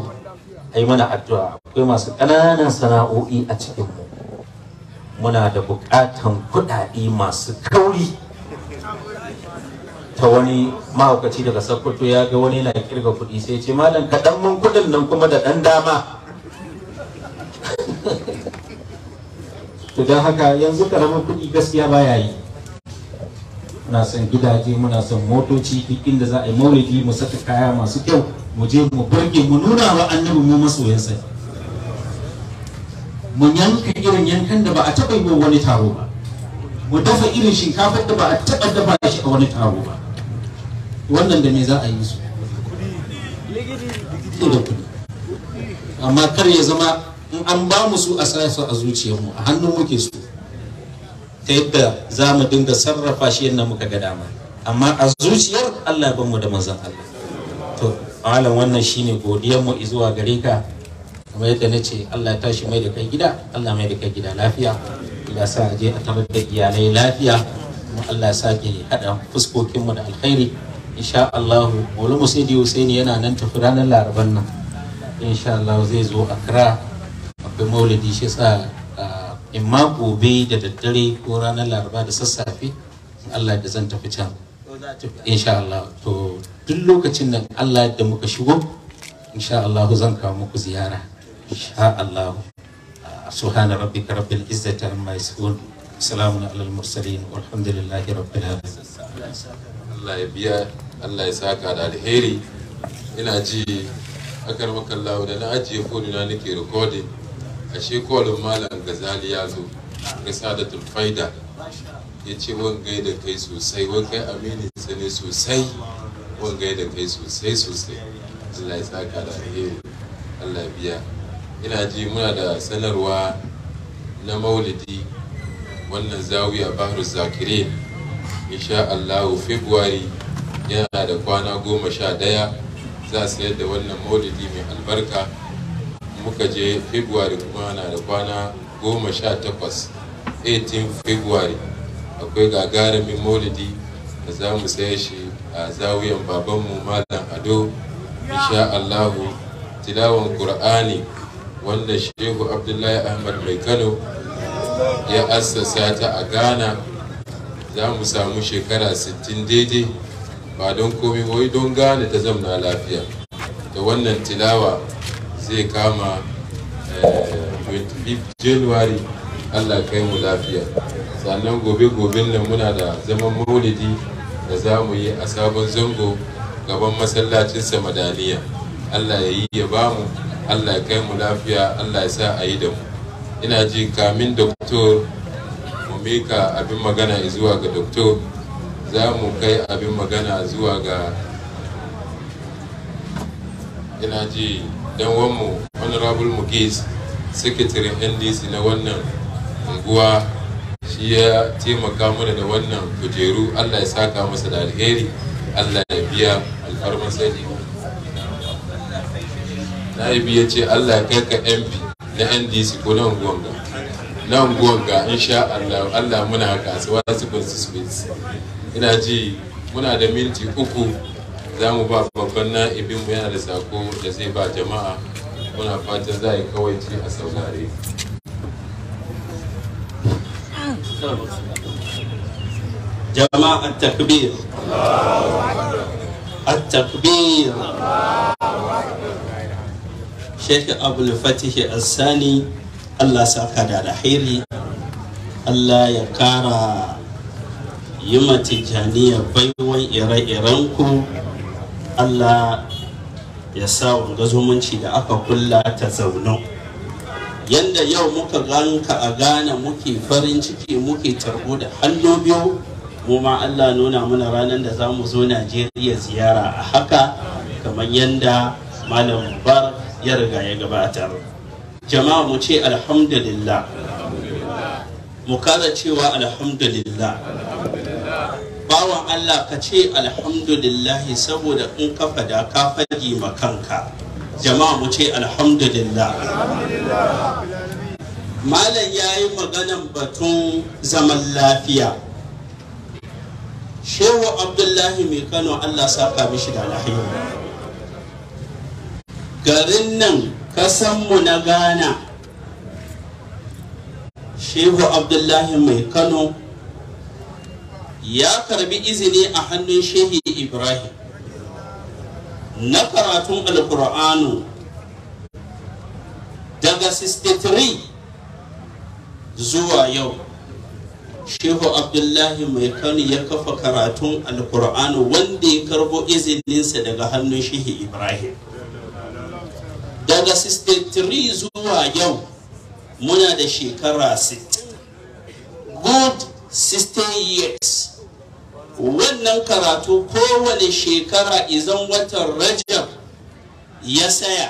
E: a mana addu'a akwai masu ƙananan sana'o'i a cikin mu muna da buƙatan kuɗaɗe masu kauri ta wani mahaukaci daga Sokoto ya ga wani na kirga kuɗi sai ce malam kaɗan mun kuɗin nan kuma da ɗan dama to dan haka yanzu karamin kuɗi gaskiya baya yi muna son gidaje muna son motoci duk inda za a yi maulidi mu saka kaya masu kyau mu je mu burge mu nuna wa annabi mu sa mu yanka irin yankan da ba a taɓa yi wa wani taro ba mu dafa irin shinkafar da ba a taɓa dafa shi a wani taro ba wannan da me za a yi su amma kar ya zama in an ba mu su a sa su a zuciyarmu a hannun muke su ta yadda za mu dinga sarrafa shi yadda muka ga dama amma a zuciyar Allah ya mu da manzon Allah to malam wannan shine godiyar mu zuwa gare ka kamar yadda na ce Allah ya tashi mai da kai gida Allah mai da kai gida lafiya ya sa je a tabbatar da iyalai lafiya kuma Allah ya sake hada fuskokin mu da alkhairi insha Allah Maulana musidi Husaini yana nan tafi ranar Laraban nan insha Allah zai zo Accra akwai maulidi shi sa in ma gobe da daddare ko ranar laraba da sassafe Allah da zan tafi can insha Allah to duk lokacin da Allah da muka shigo insha Allah zan kawo muku ziyara insha Allah subhana rabbika rabbil izzati amma yasifun salamun alal mursalin walhamdulillahi rabbil alamin
D: Allah ya biya Allah ya saka da alheri ina ji akar makallahu da na ajiye ko na nake recording ashe wani malam gazali ya zo ga sadatul faida ya ce wangai da kai sosai wangai amini sa sosai wangai da kai sosai sosai Allah ya tsaka da alheri Allah biya ina ji muna da sanarwa na maulidi wannan zawiya bahru zakire insha allahu February yana da kwana goma sha daya za su yadda wannan maulidi mai albarka muka je february kuma na da kwana goma sha takwas 18 february akwai gagarumin maulidi da za mu saya shi a zawiyan babanmu malam ado insha allahu tilawan qur'ani wanda shehu abdullahi ahmad mai kano ya assasa ta a ghana za mu samu shekara 60 daidai ba don komai wai don gane ta zamna lafiya da wannan tilawa zai kama 25 eh, january allah kai mu lafiya sannan gobe-goben nan muna da zaman maulidi da za mu yi a sabon zango gaban masallacin samadaniya allah ya yi ya bamu allah ya kai mu lafiya allah ya sa a yi da mu ina ji kamin doktor mu mika abin magana zuwa ga doktor za mu kai abin magana zuwa ga ina ji dan wanmu honorable mugis secretary ndc na wannan unguwa shi ya taimaka mana da wannan kujeru allah ya saka masa da alheri allah ya biya alfarmar sani yi ya ce allah ya kai ka mp na ndc ko na unguwan ga na unguwan ga insha allah allah muna kasuwa su tsawon su ina ji muna da minti uku za mu ba babban na'ibinmu yana da sako da zai ba jama'a muna fatan za a yi kawaici a saurare jama'a takbir
C: التكبير شيخ أبو الفتح الثاني الله ساكا دا الحيري الله يكارا يما تجانية بيوان إيران إيرانكو Allah ya sa wanga zumunci da aka kulla ta zaunau yanda yau muka ganka a gane muke farin ciki muke tarbo da hannu biyu mu ma Allah nuna mana ranar da za mu zo Najeriya ziyara a haka kamar yanda malam bar ya riga ya gabatar jama'a mu ce alhamdulillah mu kara cewa alhamdulillah bawan Allah ka ce alhamdulillahi saboda in ka fada ka fadi ma kanka jama'a mu ce alhamdulillah malam ya yi maganan batun zaman lafiya shehu abdullahi mai kano Allah saka mishi da lahiya garin nan mu na ghana shehu abdullahi mai kano ya karbi izini a hannun shehi ibrahim na karatun alkur'anu daga 63 zuwa yau shehu abdullahi mai kano ya kafa karatun alkur'anu wanda ya karbo izininsa daga hannun shehi ibrahim daga 63 zuwa yau muna da shekara 60 good 16 years wannan karatu kowane shekara izan watan rajab ya saya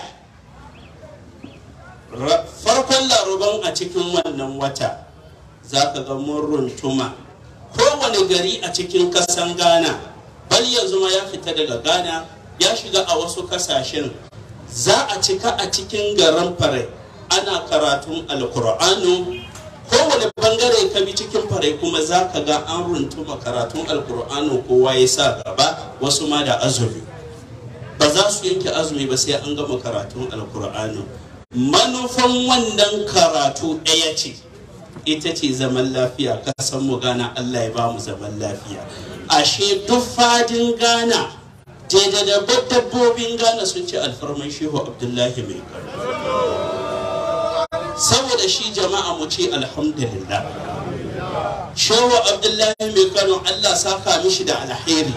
C: farkon laruban a cikin wannan wata za ka ga mun runtuma kowane gari a cikin kasan gana, bal yanzu ma ya fita daga ghana ya shiga a wasu kasashen za a cika a cikin garin fare ana karatun alkur'anu kowane bangare ka bi cikin farai kuma za ka ga an runtuma karatun alkur'ani kowa ya sa gaba wasu ma da azumi ba za su yanke azumi ba sai an gama karatun alkur'ani manufan wannan karatu ɗaya ce ita ce zaman lafiya kasan mu gana allah ya ba mu zaman lafiya ashe duk fadin gana daidai dabbobin gana sun ce alfarman shehu abdullahi mai karo saboda shi jama'a mu ce alhamdulillah shehu abdullahi mai kano allah saka mishi da alheri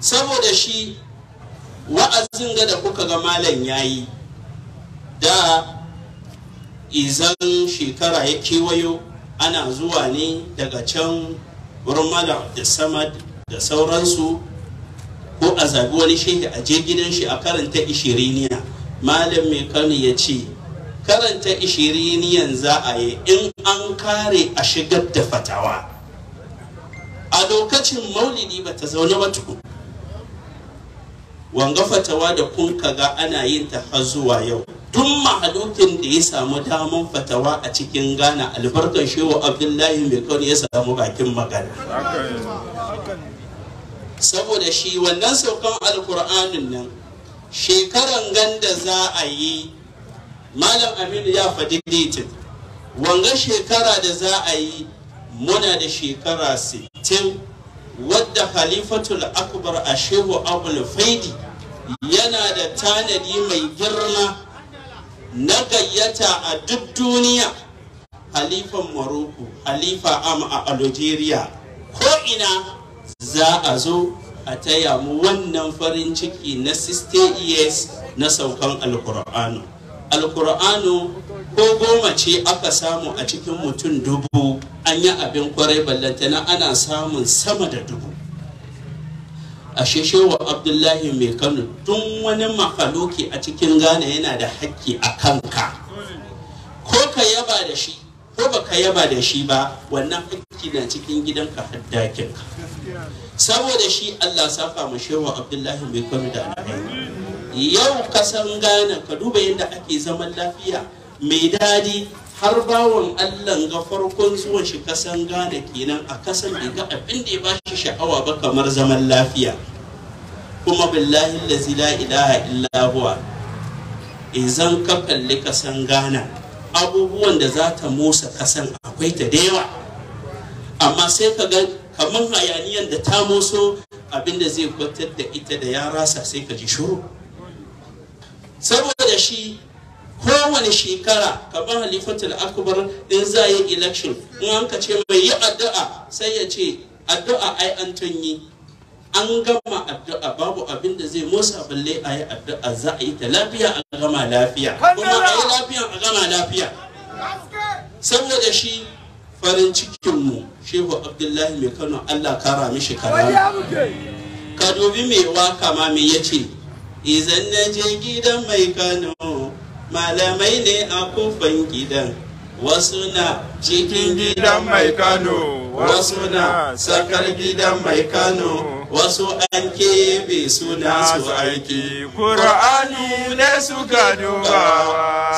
C: saboda shi wa'azin ga da kuka ga malam yayi da izan shekara ya kewayo ana zuwa ne daga can wurin da samad da sauransu ko a zabi wani shehi a je gidan shi a karanta ishiriniya malam mai kano ya ce karanta ishiriniyan za a yi in an kare a shigar da fatawa a lokacin maulidi ba ta zaune ba tuku wanga fatawa da kun kaga ana yin ta har zuwa yau tun mahalukin da ya samu daman fatawa a cikin gana albarkar shehu abdullahi mai kawai ya samu bakin magana saboda shi wannan saukan alkur'anin nan shekaran ganda za a yi malam aminu ya faɗi datin wanga shekara da za a yi muna da shekara 60 wadda khalifatul akbar a shehu abul faidi yana da tanadi mai girma na gayyata a duk duniya halifan maroko halifa am a algeria ko ina za a zo a taya mu wannan farin ciki na 60 years na saukan alkur'anu alkur'anu ko goma ce aka samu a cikin mutum dubu an yi abin kwarai ballantana ana samun sama da dubu a sheshewa abdullahi mai kano tun wani makaloki a cikin ghana yana da haƙƙi a kanka ko ka yaba da shi ko ba ka yaba da shi ba wannan haƙƙi na cikin gidanka haddakinka saboda shi allah safa mashewa abdullahi mai kano da alhaini yau kasan gane ka duba yadda ake zaman lafiya mai dadi har bawon allah ga farkon zuwan shi kasan gane kenan a kasan bai ga abin da ya ba shi sha'awa ba kamar zaman lafiya kuma billahi da la ilaha illa huwa zan ka kalli kasan gane. abubuwan da za ta motsa kasan akwai ta da yawa amma sai ka ga kamar hayaniyar da ta moso abin da zai kwatar da ita da ya rasa sai ka ji shuru saboda shi kowane shekara kamar halifatul akbar din za yi election in an ka ce mai yi addu'a sai ya ce addu'a ai an tunyi an gama addu'a babu abin da zai motsa balle a yi addu'a za a yi ta lafiya a gama lafiya kuma a yi lafiya a gama lafiya saboda shi farin cikin mu shehu abdullahi mai kano allah kara mishi kara ka dubi mai waka ma me ya izan na je gidan mai kano malamai ne a kofan gidan wasu na cikin gidan mai kano wasu na sakar gidan mai kano wasu
F: an kebe suna su aiki ƙura'ani ne suka duba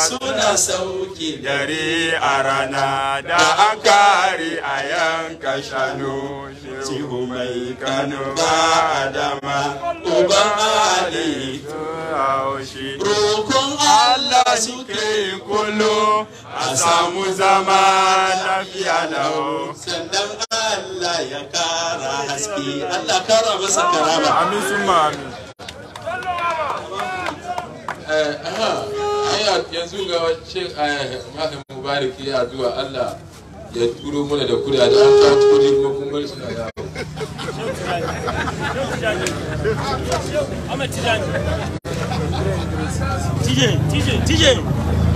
F: suna sauki dare a rana da an kare a yanka shanu shi mai kano ba adam uban ali allah suke kolo a samu zama lafiya lau sannan allah ya kara haske allah kara masa
C: amin amin
D: eh, yanzu ga wacce eh, malamin mubariki a zuwa allah ya turo mana da kuda da an kawo kudi kuma kun bar suna da
C: Tije, tije,
D: tije,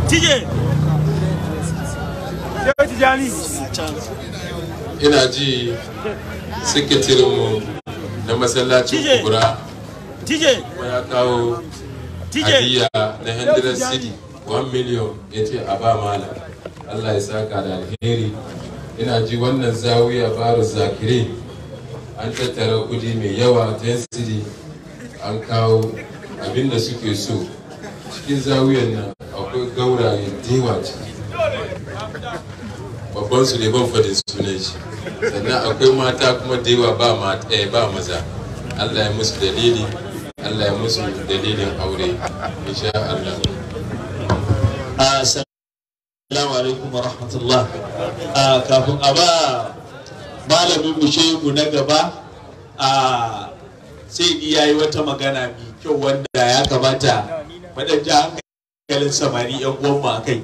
D: tije. Ina ji sikitirinmu na masallacin kubura. Tije. Ya kawo hadiya na Hendra City 1 million ya ce a ba malam. Allah ya saka da alheri ina ji wannan zawiya faru zakire an tattara kudi mai yawa ta yansiri an kawo abin da suke so cikin zawiyan nan akwai gauraye dewa ciki babban su ne ban fadin sunan shi sannan akwai mata kuma dewa ba mata eh, ba maza Allah ya musu dalili Allah ya musu dalilin aure insha Allah ah, Assalamu alaikum wa rahmatullah. Ah, kafin
B: a ba malamin mu shehu na gaba a ah, sai ni ya wata magana mai kyau wanda ya kamata maɗanja hankalin samari yan uwanmu a kai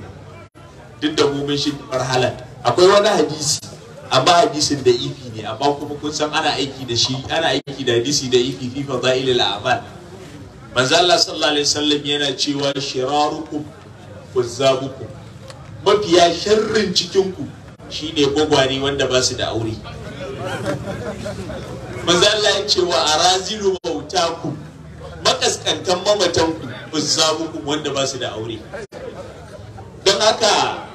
B: duk da mu mun shi marhalar. Akwai wani hadisi amma hadisin da ifi ne amma kuma kun san ana aiki da shi ana aiki da hadisi da ifi fi fadailil a'mal. Manzo Allah sallallahu alaihi wasallam yana cewa shirarukum kuzzabukum mafiya sharrin cikinku shi ne gwagware wanda ba su da aure manzo Allah ya ce wa arazilu ku. makaskantan mamatanku ku ku wanda ba su da aure
A: don haka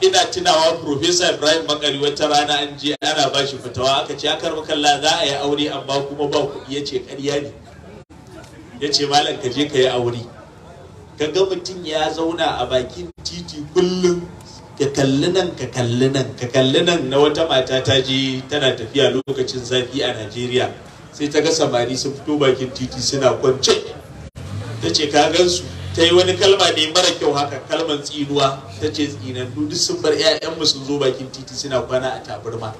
A: ina tunawa
B: Profesa Ibrahim Makari wata rana an je ana ba shi fitawa aka ce akar makalla za a yi aure amma kuma ba ku iya ce ƙarya ne ya ce malam ka je ka yi aure Ka ga mutum ya zauna a bakin titi kullum ka kalli nan ka kalli nan ka kalli nan na wata mata ta je tana tafiya lokacin zafi a najeriya sai ta ga samari sun fito bakin titi suna kwance ta ce ka gansu ta yi wani kalma ne mara kyau haka kalmar tsinuwa ta ce tsinannu duk sun bar 'ya'yan sun zo bakin titi suna kwana a taburma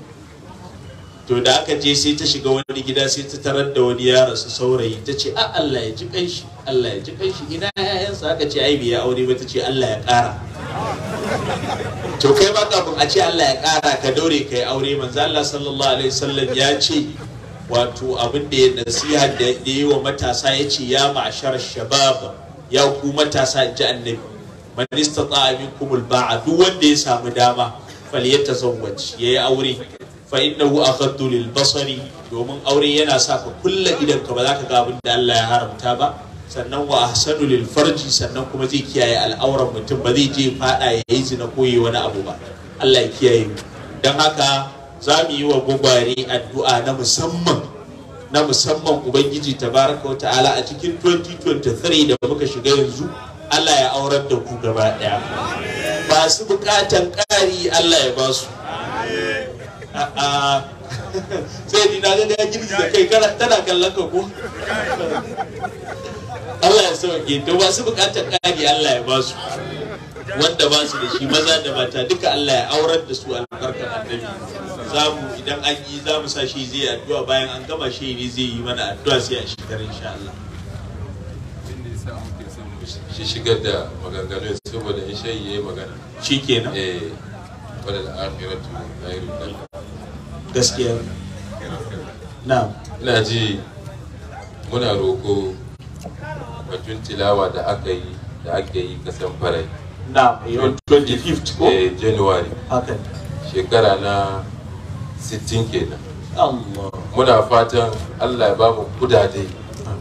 B: to da aka je sai ta shiga wani gida sai ta tarar da wani ya rasu saurayi ta ce a Allah ya ji kanshi Allah ya ji kanshi ina ƴaƴansa aka ce ai biya aure ba ta ce Allah ya ƙara to kai ma kafin a ce Allah ya ƙara ka daure kai aure manzo Allah sallallahu alaihi wasallam ya ce wato abin da ya nasiha da ya yi wa matasa ya ce ya ma'ashar shabab ya ku matasa ji annabi man istata'a minkum al-ba'a duk wanda ya samu dama falyatazawwaj yayi aure fa innahu akhaddu lil basari domin aure yana sa ka kulle idan ka ba za ka ga abin Allah ya haramta ba sannan wa ahsanu lil sannan kuma zai kiyaye al'auran mutum ba zai je faɗa ya yi zina ko yi wani abu ba Allah ya kiyaye mu dan haka za mu yi wa gwagware addu'a na musamman na musamman ubangiji tabaraka wa ta'ala a cikin 2023 da muka shiga yanzu Allah ya aurar da ku gaba daya masu bukatan ƙari Allah ya basu sai ni na ga ya da kai kana tana kallon ka ko Allah ya sauke to ba su bukatar kari Allah ya ba su wanda ba su da shi maza da mata duka Allah ya aurar da su albarkar annabi zamu idan an yi zamu sa shi zai addu'a bayan an gama shi ne zai yi mana addu'a sai a shigar insha Allah shi shigar da maganganu saboda in shayi
D: yayi magana shikenan eh gaskiya na ina ji muna roko batun tilawa da aka yi da aka yi kasan farai na 25th eh, eh, january shekara na 60 kenan muna fatan allah ya ba mu kudade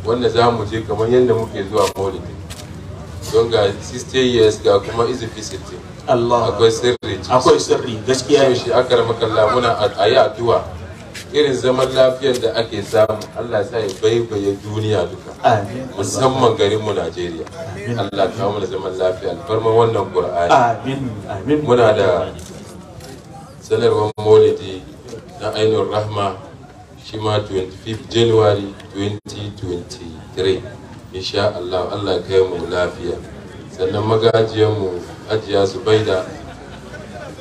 D: wanda za mu je kamar yadda muke zuwa maulidi don ga 60 years ga kuma izifi 60 Allah akwai sirri akwai sirri gaskiya ne shi akara makalla muna a yi addu'a irin zaman lafiyar da ake samu Allah sa ya baibaye duniya duka musamman garin mu Najeriya Allah kawo mana zaman lafiya farma wannan Qur'ani amin amin muna da sanarwar maulidi na ainihin rahma shi ma 25 January 2023 insha Allah Allah kai mu lafiya sannan mu hajiya zubaida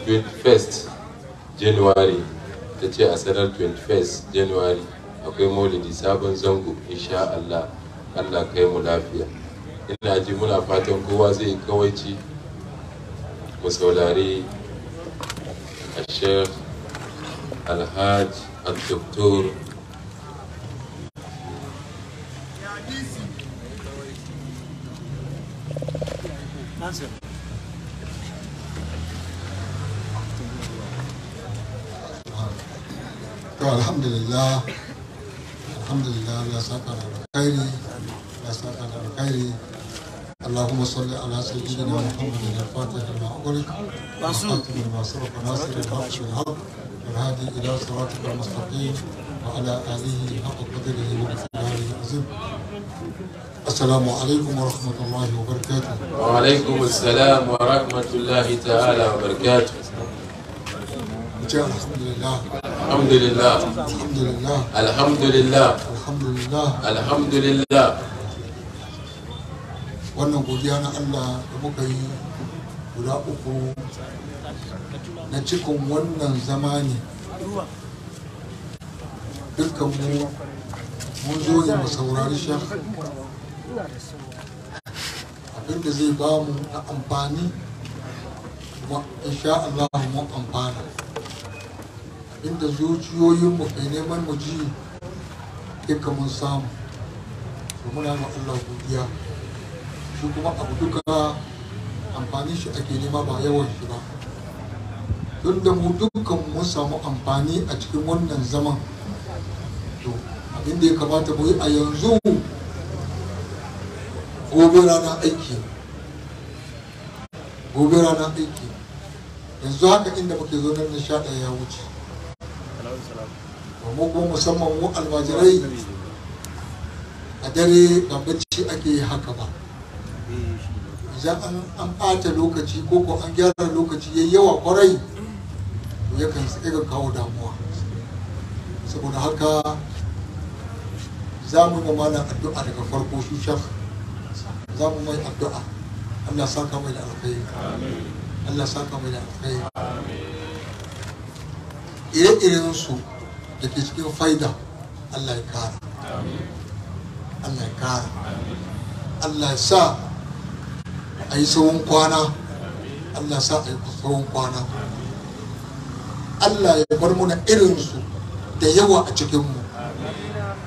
D: 21st january ta ce a sanar 21st january akwai maulidi sabon zango insha allah allah kai mu lafiya ina ji muna fatan kowa zai kawaici mu saurari a sheikh alhaj al-doktor
A: you.
G: to alhamdulillah alhamdulillah لا saka على alkhairi لا saka على alkhairi اللهم صل على سيدنا محمد الفاتح لما أغلق والخاتم لما سبق ناصر الحق بالحق والهادي إلى صراطك المستقيم وعلى آله حق قدره ومقداره العظيم السلام عليكم ورحمة الله وبركاته وعليكم السلام ورحمة الله
A: تعالى وبركاته ce alhamdulillah alhamdulillah alhamdulillah wannan godiya
G: na Allah da muka yi guda uku na cikin wannan zama ne dukkan mu
A: mun zo ne mu saurari shan abinda zai ba mu na amfani
G: kuma insha Allah mu amfana inda zuciyoyinmu ke neman mu ji duka mun samu to muna ga Allah godiya shi kuma abu duka amfani shi ake nema ba yawan shi ba don da mu dukkan mun samu amfani a cikin wannan zaman to abin da ya kamata mu yi a yanzu gobe rana aiki gobe rana aiki yanzu haka inda muke zo nan na sha ya wuce mu musamman mu almajirai a dare ba bacci ake haka ba idan an ɓata lokaci ko ko an gyara lokaci ya yawa kwarai ya yakan tsira kawo damuwa saboda haka za mu yi mana addu'a daga farko shi shaf za mu mai addu'a Allah ka mai da alkhairi Allah ka mai da alkhairi ire irensu su da ke cikin faida Allah ya kara Allah ya kara Allah ya sa a yi tsawon kwana Allah ya sa a yi tsawon kwana Allah ya bar muna irinsu da yawa a cikinmu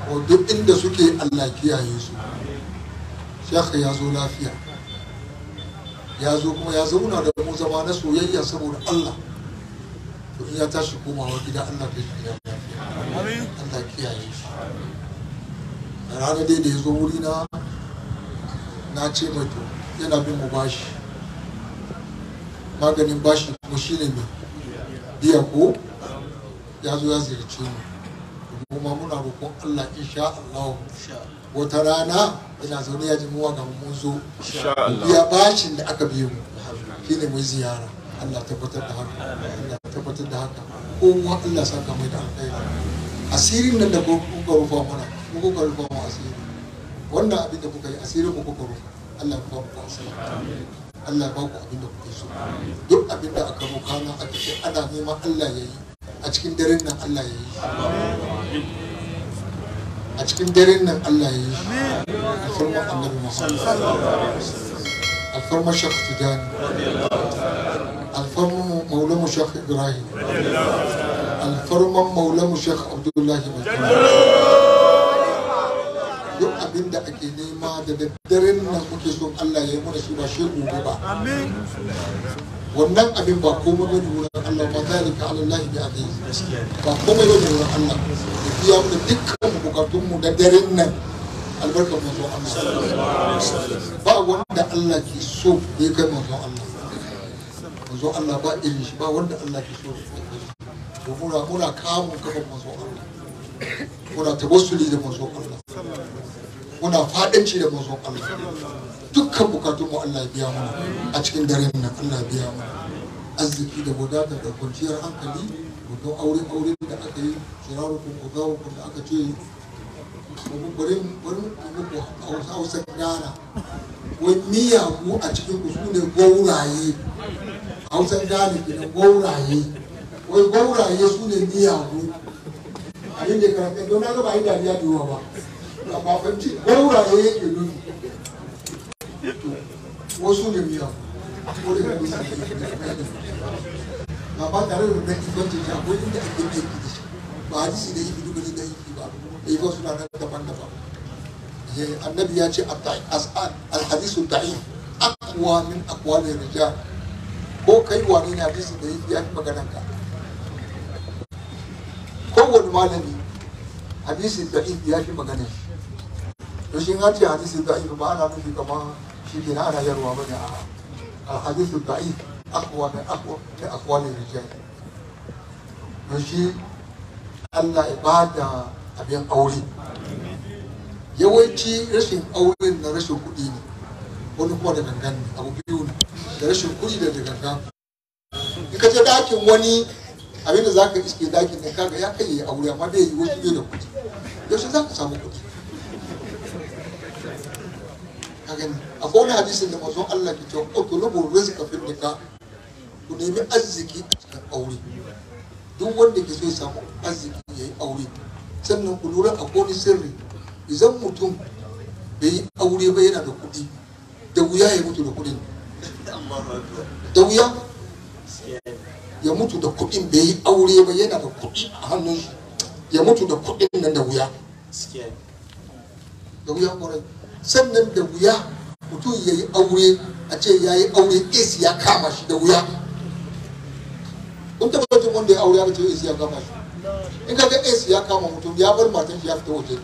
G: ko duk inda suke Allah kiyaye su shekha ya zo lafiya ya zo kuma ya zauna da mu zama na soyayya saboda Allah to in ya tashi komawa gida Allah bai kiyaye Allah kiyaye shi a ranar dai da ya zo wuri na na ce mai to yana bin mu bashi maganin bashi kuma shi ne mai biya ko ya zo ya ziyarce mu kuma muna roƙon Allah insha Allah wata rana ina zaune ya ji mu wa gaban mun zo biya bashin da aka biye mu ne mai ziyara Allah tabbatar da haka Allah tabbatar da haka kowa Allah saka mai da alkhairi asirin nan da kuka rufa mana kuka rufa mu asiri wannan abin da kuka yi asirin ku kuka rufa Allah ku ba ku asiri Allah ba ku abin da kuka so duk abin da aka roka na aka ce ana neman Allah yayi a cikin daren nan Allah yayi yi a cikin daren nan Allah ya yi alfarmar annabi Muhammad alfarmar shakhs radiyallahu alfarman maulamu shekh ibrahim alfarman maulamu shekh abdullahi mai duk abin da ake nema da daddaren nan muke son allah ya yi mana shi ba shi gobe ba wannan abin ba komai ba ne wurin allah ba za ka Allah lahi bi abin ba komai ba ne wurin allah da biya mu da dukkan bukatunmu da daren nan albarkar manzon allah ba wanda allah ke so ya kai manzon allah manzo Allah ba irin shi ba wanda Allah ke so to muna muna kamun kafan manzo Allah muna tabassuli da manzo Allah muna fadanci da manzo Allah dukkan bukatun mu Allah ya biya mana a cikin daren nan Allah ya biya mana arziki da wadata da kwanciyar hankali don aure aure da aka yi shirarukun kogawukun da aka ce bari bari muku hausa hausa gana wai a cikin ku su ne gauraye hausar gane da gauraye wai gauraye su ne miyagu abin da karfe don na gaba yi dariya da yawa ba na bafanci gauraye ya ke nufi wasu ne miyagu ko da kuma su ne ba tare da wannan kifanci ta ko inda ake da yake da shi ba shi da yake duka da yake ba da yake suna nan daban-daban eh, annabi ya ce al-hadisu ta'i aqwa min aqwalir rijal ko kai wani ne hadisi da ya fi maganan ka wani malami hadisi da ifi ya fi maganan to shi ce hadisi da ifi ba ana nufi kamar shi ke na ana yarwa bane a hadisi da ifi akwa mai akwa ne akwa ne rijiyar to shi Allah ya ba da abin aure yawanci rashin aure na rashin kuɗi ne wani kuma da gangan abu biyu ne da rashin kuɗi da dagangan in ka je ɗakin wani abin da za ka iske ɗakin ɗin kaga ya kai aure amma bai yi wani da kuɗi yaushe za ka samu kuɗi ka gani akwai wani hadisin da mazon Allah ke cewa utulubu rizqa fil nikah ku nemi arziki a cikin aure duk wanda ke so ya samu arziki ya yi aure sannan ku lura a wani sirri idan mutum bai yi aure ba yana da kuɗi da wuya ya mutu da kuɗin Dawiya? ya mutu da kuɗin bai yi aure ba yana da kuɗi a hannun ya mutu da kuɗin nan da wuya da wuya sannan da wuya mutum ya yi aure a ce ya yi aure esi ya kama shi da wuya kun taɓa jin wanda ya aure a ce esi ya kama shi in ka ga esi ya kama mutum ya bar matan shi ya fita waje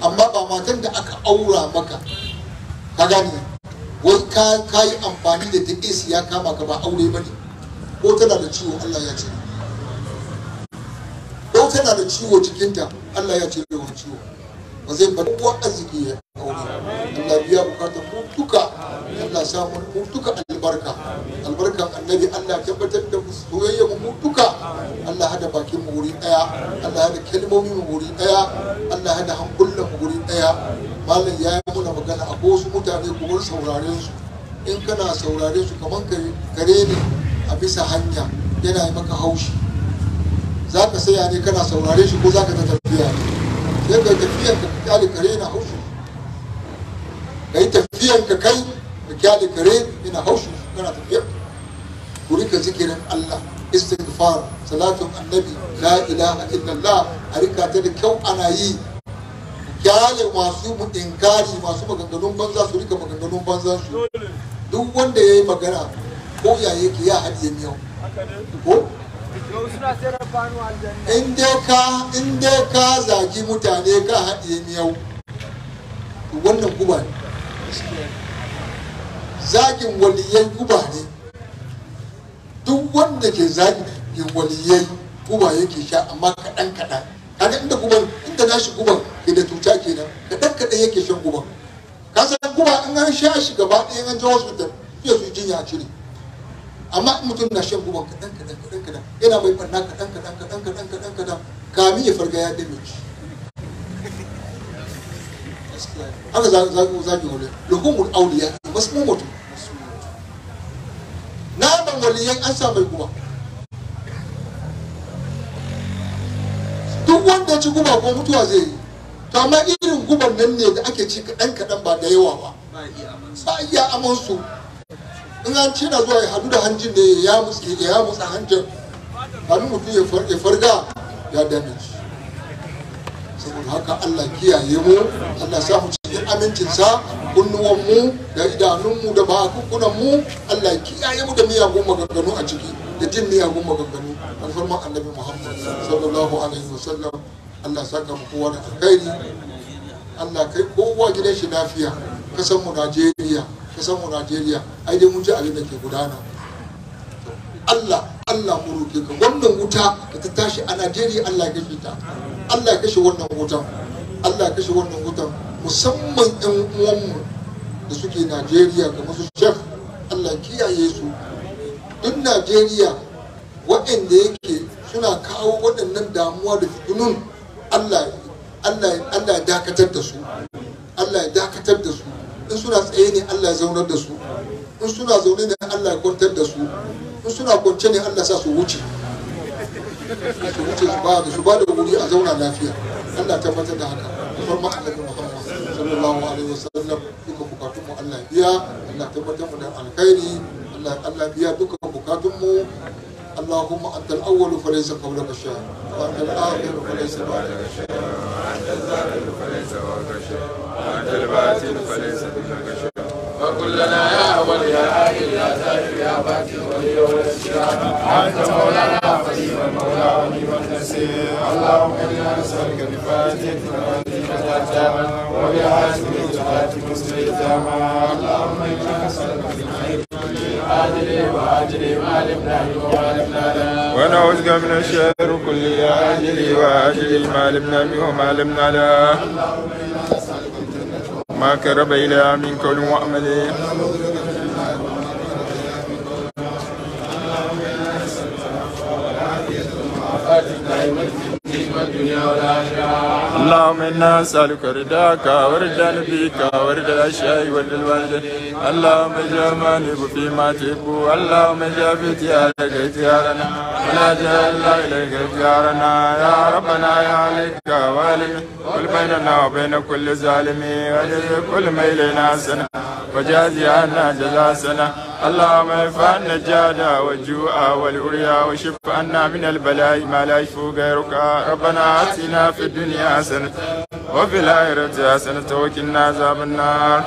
G: amma ba matan da aka aura maka ka gane wai ka yi amfani da duk ya kama ka ba aure ba ne ko tana da ciwo Allah ya ce ko tana da ciwo cikinta Allah ya ce wani ciwo ba zai bar uwa arziki ya kauna Allah biya bukatar mu duka Allah samun mu duka albarka albarkan annabi Allah tabbatar da mu soyayya mu duka Allah hada bakin mu wuri daya Allah hada kalmomi mu wuri daya Allah hada hankulla mu wuri daya malam ya yi muna magana a wasu mutane kuma saurare su in kana saurare su kamar kare ne a bisa hanya yana yi maka haushi za ka saya ne kana saurare shi ko za ka ta tafiya ne yadda tafiyan ka kyale kare na haushi ka yi tafiyan ka kai ka kyale kare ina haushi kana tafiyan ku rika zikirin Allah istighfar salatun annabi la ilaha illallah a rika ta da kyau ana yi kyale masu inkari masu maganganun banza su rika maganganun banza su duk wanda ya yi magana ko ya ke ya haɗiye yau, ko
A: in
G: dai ka in dai ka zagi mutane ka haɗiye miyau wannan guba ne zagin waliyai guba ne duk wanda ke zagin waliyai guba yake sha amma kaɗan kaɗan kaga inda guban inda nashi guban ke da tuta kenan kaɗan kaɗan yake shan guban ka san guba in an sha shi gaba ɗaya an je hospital fiye su jinya cire amma in mutum na shan guba kadan kaɗan kaɗan kaɗan yana mai ɓanna kadan kaɗan kaɗan kaɗan kaɗan kaɗan kamin ya farga ya dame shi haka zagin wani lukumul auliya masu Na naman waliyan an sa mai guba duk wanda ya ci guba ko mutuwa zai yi to amma irin guban nan ne da ake ci kaɗan kaɗan ba da yawa ba ba iya amansu in an ce na zuwa ya hadu da hanjin da ya mutsi ya mutsa hanjin hannun mutum ya farga ya damage saboda haka Allah kiyaye mu Allah sa mu cikin amincinsa kunnuwan mu da idanunmu da bakukunan mu Allah kiyaye mu da miyagun maganganu a ciki da jin miyagun maganganu alfarman annabi Muhammad sallallahu alaihi wasallam Allah saka mu kowa da alkhairi Allah kai kowa gidan shi lafiya kasan mu Najeriya san mu Najeriya ai dai mun ji abin da ke gudana Allah Allah mu roke ka wannan wuta da ta tashi a Najeriya Allah ya kashe ta Allah ya kashe wannan wutan Allah ya kashe wannan wutan musamman ƴan uwanmu da suke Najeriya kamar su Chef Allah kiyaye su duk Najeriya waɗanda yake suna kawo waɗannan damuwa da fitinun Allah Allah Allah ya dakatar da su Allah ya dakatar da su in suna tsaye ne Allah ya zaunar da su in suna zaune ne Allah ya kwantar da su in suna kwance ne Allah sa su wuce su wuce su bada su bada wuri a zauna lafiya Allah tabbatar da haka kamar ma Muhammad sallallahu alaihi wasallam duka bukatun mu Allah biya Allah tabbatar mu da alkhairi Allah Allah biya duka bukatun mu اللهم أنت الأول فليس قبلك شيء وأنت الآخر فليس بعدك شيء وأنت الظاهر فليس فوقك شيء وأنت الباطن فليس دونك شيء فقل لنا يا أول يا آخر يا ظاهر يا
F: باطن ولي والإسلام أنت مولانا قديم المولى ونعم النصير اللهم إنا نسألك بفاتحة فاتحة الأتامة وبحاسب الجهات مسلمة اللهم إنا نسألك بفاتك ونعوذ وأجري من الشر كل أجري وأجري ما لبناه وما لبنا لا ما كرب إلى من كل وأمل Thank you. الدنيا والآخرة اللهم إنا نسألك رضاك ورضا نبيك ورضا الشيء ورضا الوالدين اللهم اجعل ما نحب فيما تحب اللهم اجعل في اختيارك اختيارنا ولا تجعل إليك اختيارنا يا ربنا يا عليك والي قل بيننا وبين كل ظالم واجعل كل ما إلينا سنة وجازي عنا جزاء سنة اللهم ارفعنا الجادة والجوع والعريا وشف عنا من البلاء ما لا يشفو غيرك ربنا آتنا في الدنيا حسنة وفي الآخرة حسنة توكلنا عذاب النار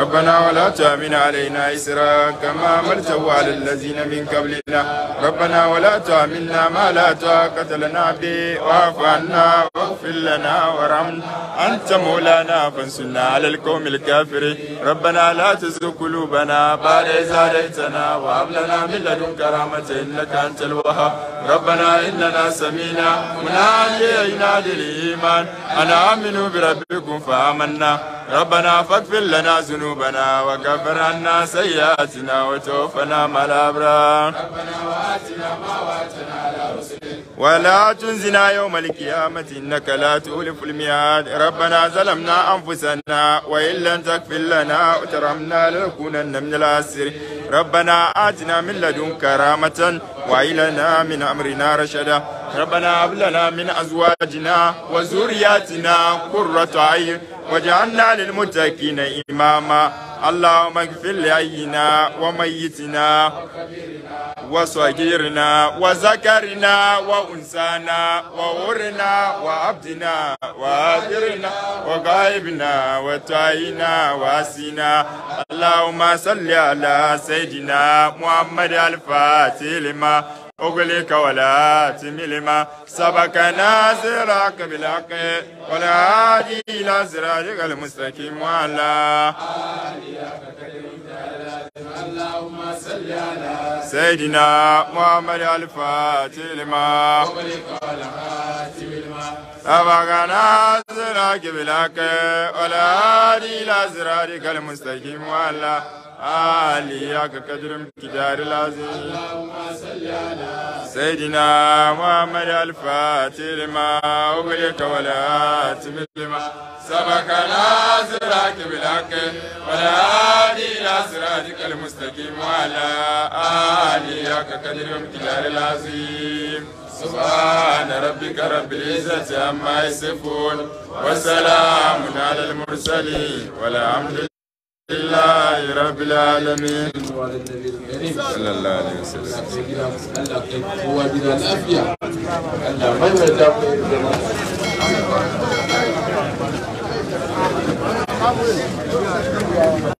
F: ربنا ولا تامن علينا إسرا كما عملته على الذين من قبلنا ربنا ولا تامنا ما لا طاقة لنا به واعف عنا واغفر لنا وارحمنا أنت مولانا فانصرنا على القوم الكافرين ربنا لا تزغ قلوبنا بعد إذ هديتنا وهب لنا من لدنك رحمة إنك أنت الوهاب ربنا إننا سمينا منادي للإيمان أنا آمن بربكم فآمنا ربنا فاغفر لنا ذنوبنا ذنوبنا وكفر عنا سيئاتنا وتوفنا مع الأبرار ربنا وآتنا ما وعدتنا على رسلك ولا تنزنا يوم القيامة إنك لا تؤلف الميعاد ربنا ظلمنا أنفسنا وإن لم تغفر لنا وترحمنا لنكونن من الخاسرين ربنا آتنا من لدن كرامة وإلنا من أمرنا رشدا ربنا هب لنا من أزواجنا وذرياتنا قرة عين وجعلنا للمتقين إماما اللهم اغفر لأينا وميتنا وصغيرنا وذكرنا و wa zahar wa wuri na wa abu na wa hirna wa galibi wa ta'ayi wa asii na allahu masallu'ala saidi muhammad alfa tilema. أغلق ولا تملما سبقنا صراط بالحق ولا هادي إلى صراطك المستقيم وعلى اللهم صل على سيدنا محمد الفاتح لما أغلق ولا تملما أبغنا صراط بالحق ولا هادي إلى صراطك المستقيم وعلى aliya ka kajirin kidari lazi sai dina muhammadu alfatir ma ugbe ka wala timilima saba ka na zira kibila ke wala dina zira jikali mustaki muhala aliya ka kajirin kidari lazi سبحان ربك رب العزة عما يصفون وسلام على المرسلين wala لله لله رب العالمين صلى الله
D: عليه وسلم هو بنا الافيا الله
A: ما يمدعك